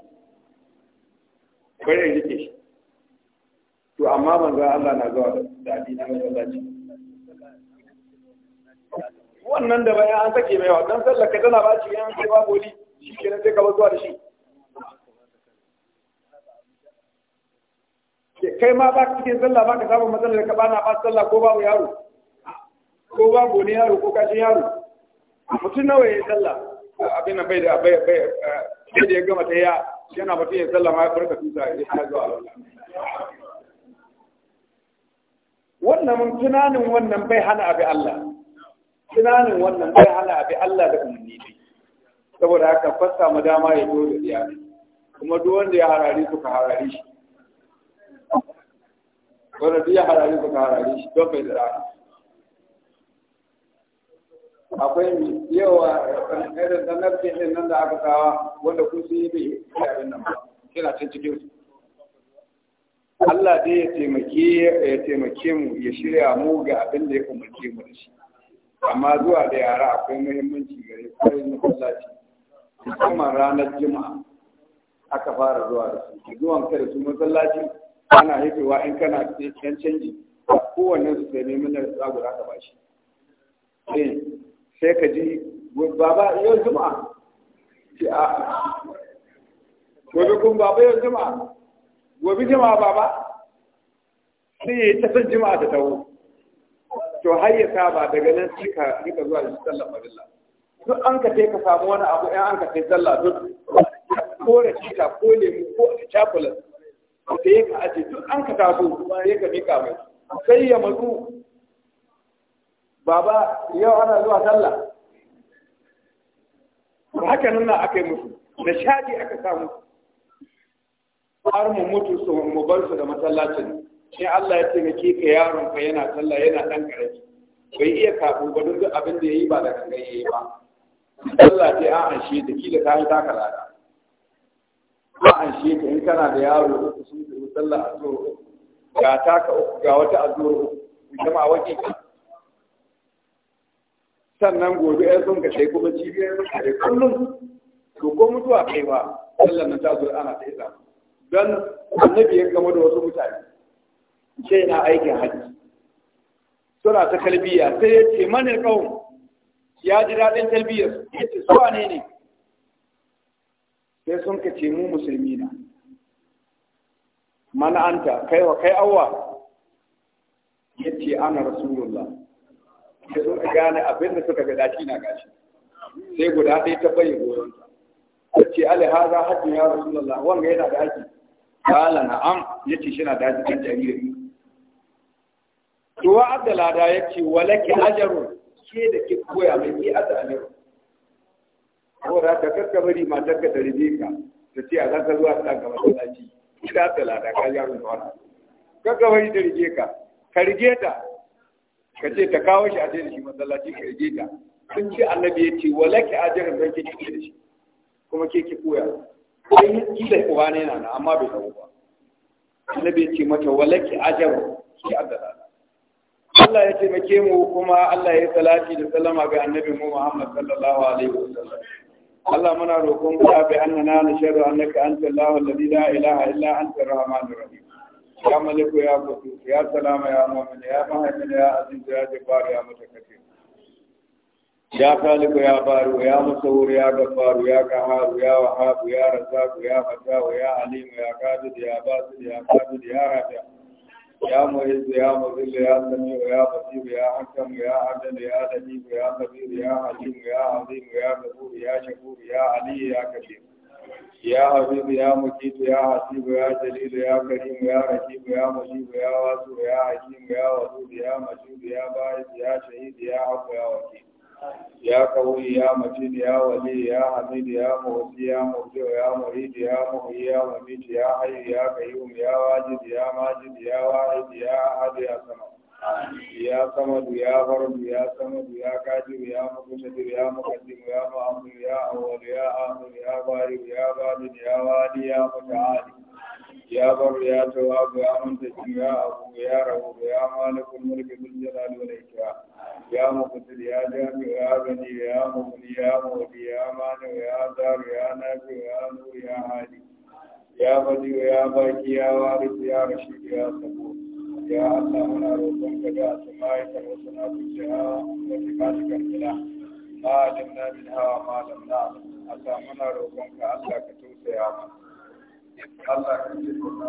bari in rike shi to amma manzo Allah na zuwa da abi na matsalaci wannan da bayan an sake mai wa dan sallar tana ba shi yan sai ba boli shi kenan sai ka bar zuwa da shi kai ma ba cikin sallah ba ka samu matsalar ka bana ba sallah ko babu yaro ko ba boli yaro ko kashin yaro mutum nawa ya yi sallah abin nan bai da bai bai sai da ya gama ta ya yana mutum ya sallah ma ya farka tuta ya ta zuwa wannan tunanin wannan bai hana abi Allah tunanin wannan zai hana abi Allah da umarni ne saboda haka fassa mu dama ya zo da iyali kuma duk wanda ya harare su ka harare shi wanda duk ya harare su ka harare shi don bai da rana akwai yawa irin da nafsi nan da aka kawa wanda kun su yi bai abin nan ba kina can cikin su Allah dai ya taimake ya taimake mu ya shirya mu ga abin da ya umarce mu da shi amma zuwa da yara akwai muhimmanci gare kwarai masallaci musamman ranar juma'a aka fara zuwa da su zuwan ka da su masallaci ana haifewa in kana da yan canji kowanne su sai neman da za guda ka bashi sai ka ji baba yau juma'a ce a gobe kun baba yau juma'a gobe juma'a baba sai ya yi tasar san juma'a ta tawo to har ya saba daga nan sai ka rika zuwa da sallar farilla duk an ka ka samu wani abu in an ka sai sallah duk ko cika ko lemu ko a chocolate da ya ka aje duk an ka taso sai ka mika mai sai ya matsu baba yau ana zuwa sallah haka nan na aka yi musu da shaɗi aka samu har mu mutu su mu bar su da masallacin sai Allah ya taimake ka yaron ka yana sallah yana dan karami bai iya kafin ba duk abin da yayi ba da kan yayi ba Allah ya an anshe ta kila ka yi taka lada ba anshe ta in kana da yaro uku sun yi sallah a zuwa ga taka uku ga wata a zuwa uku kuma a waje ka sannan gobe ya sun ka sai kuma cibiyar sun ka sai kullum to ko mutuwa kai ba sallan nan ta zuwa ana ta isa don annabi ya gama da wasu mutane ce na aikin hajji suna ta kalbiya sai ya ce manar kawun ya ji daɗin kalbiyar ya ce suwa ne ne sai sun ka ce mu musulmi na mana kai wa kai awa. ya ce ana rasulullah sai sun ka gane abin da suka gada shi na gashi sai guda ɗaya ta bayi goyon Ya ce alihaza hajji ya rasulullah wanga yana da haji kala na'am ya ce shi na da haji kan jariri ruwa abdalada ya ce walaki ajarun ke da ki koya mai ke a tsanin saboda ta kakka bari matar ka ta rige ka ta ce a zan ka zuwa da masallaci ki da abdalada ka yaro da wata. kakka bari ta rige ka ka rige ta ka ce ta kawo shi a ce da shi masallaci ka rige ta sun ce annabi ya ce walaki ajarun don ke ki da shi kuma ke ki koya Sai ai kila uba ne na amma bai kawo ba annabi ya ce mata walaki ajarun ki abdalada Allah ya taimake mu kuma Allah ya salati da salama ga annabi mu Muhammad sallallahu alaihi wasallam Allah muna roƙon ka bi annana nashhadu annaka anta Allahu alladhi la ilaha illa anta ar-rahmanur rahim ya maliku ya qudus ya salama ya mu'min ya muhaimin ya aziz ya jabbar ya mutakabbir ya khaliq ya baru ya musawwir ya ghaffar ya qahhar ya wahhab ya razzaq ya fatah ya alim ya qadir ya basit ya qadir ya rafi' يا معز يا مذل يا سميع يا بصير يا حكم يا عدل يا لطيف يا خبير يا حليم يا عظيم يا غفور يا شكور يا علي يا كبير يا حبيب يا مجيد يا حسيب يا جليل يا كريم يا رحيم يا مجيب يا واسع يا حكيم يا ودود يا مجود يا باعث يا شهيد يا عفو يا وكيل ya kawuyi ya matini ya wali ya hamidi ya mawasi ya mawasi ya muridi ya muhi ya mamiti ya hayu ya kayyum ya wajidi ya majidi ya wahidi ya ahadi ya sama ya samadu ya farudu ya samadu ya kajiru ya mukushadir ya mukaddimu ya muhammadu ya awwalu ya ahmadu يا بر يا تواب يا من تجمع يا رب يا مالك الملك ذو الجلال والإكرام يا مقتل يا جامع يا بني يا مغني يا مولي يا مانع يا دار يا نافع يا نور يا هادي يا بدي يا باكي يا وارث يا رشيد يا صبور يا الله منا روحك يا سمايك وسنا بجها وصفاتك الكلام ما علمنا منها وما لم نعلم الله منا روحك الله كتوسع Allah ka ce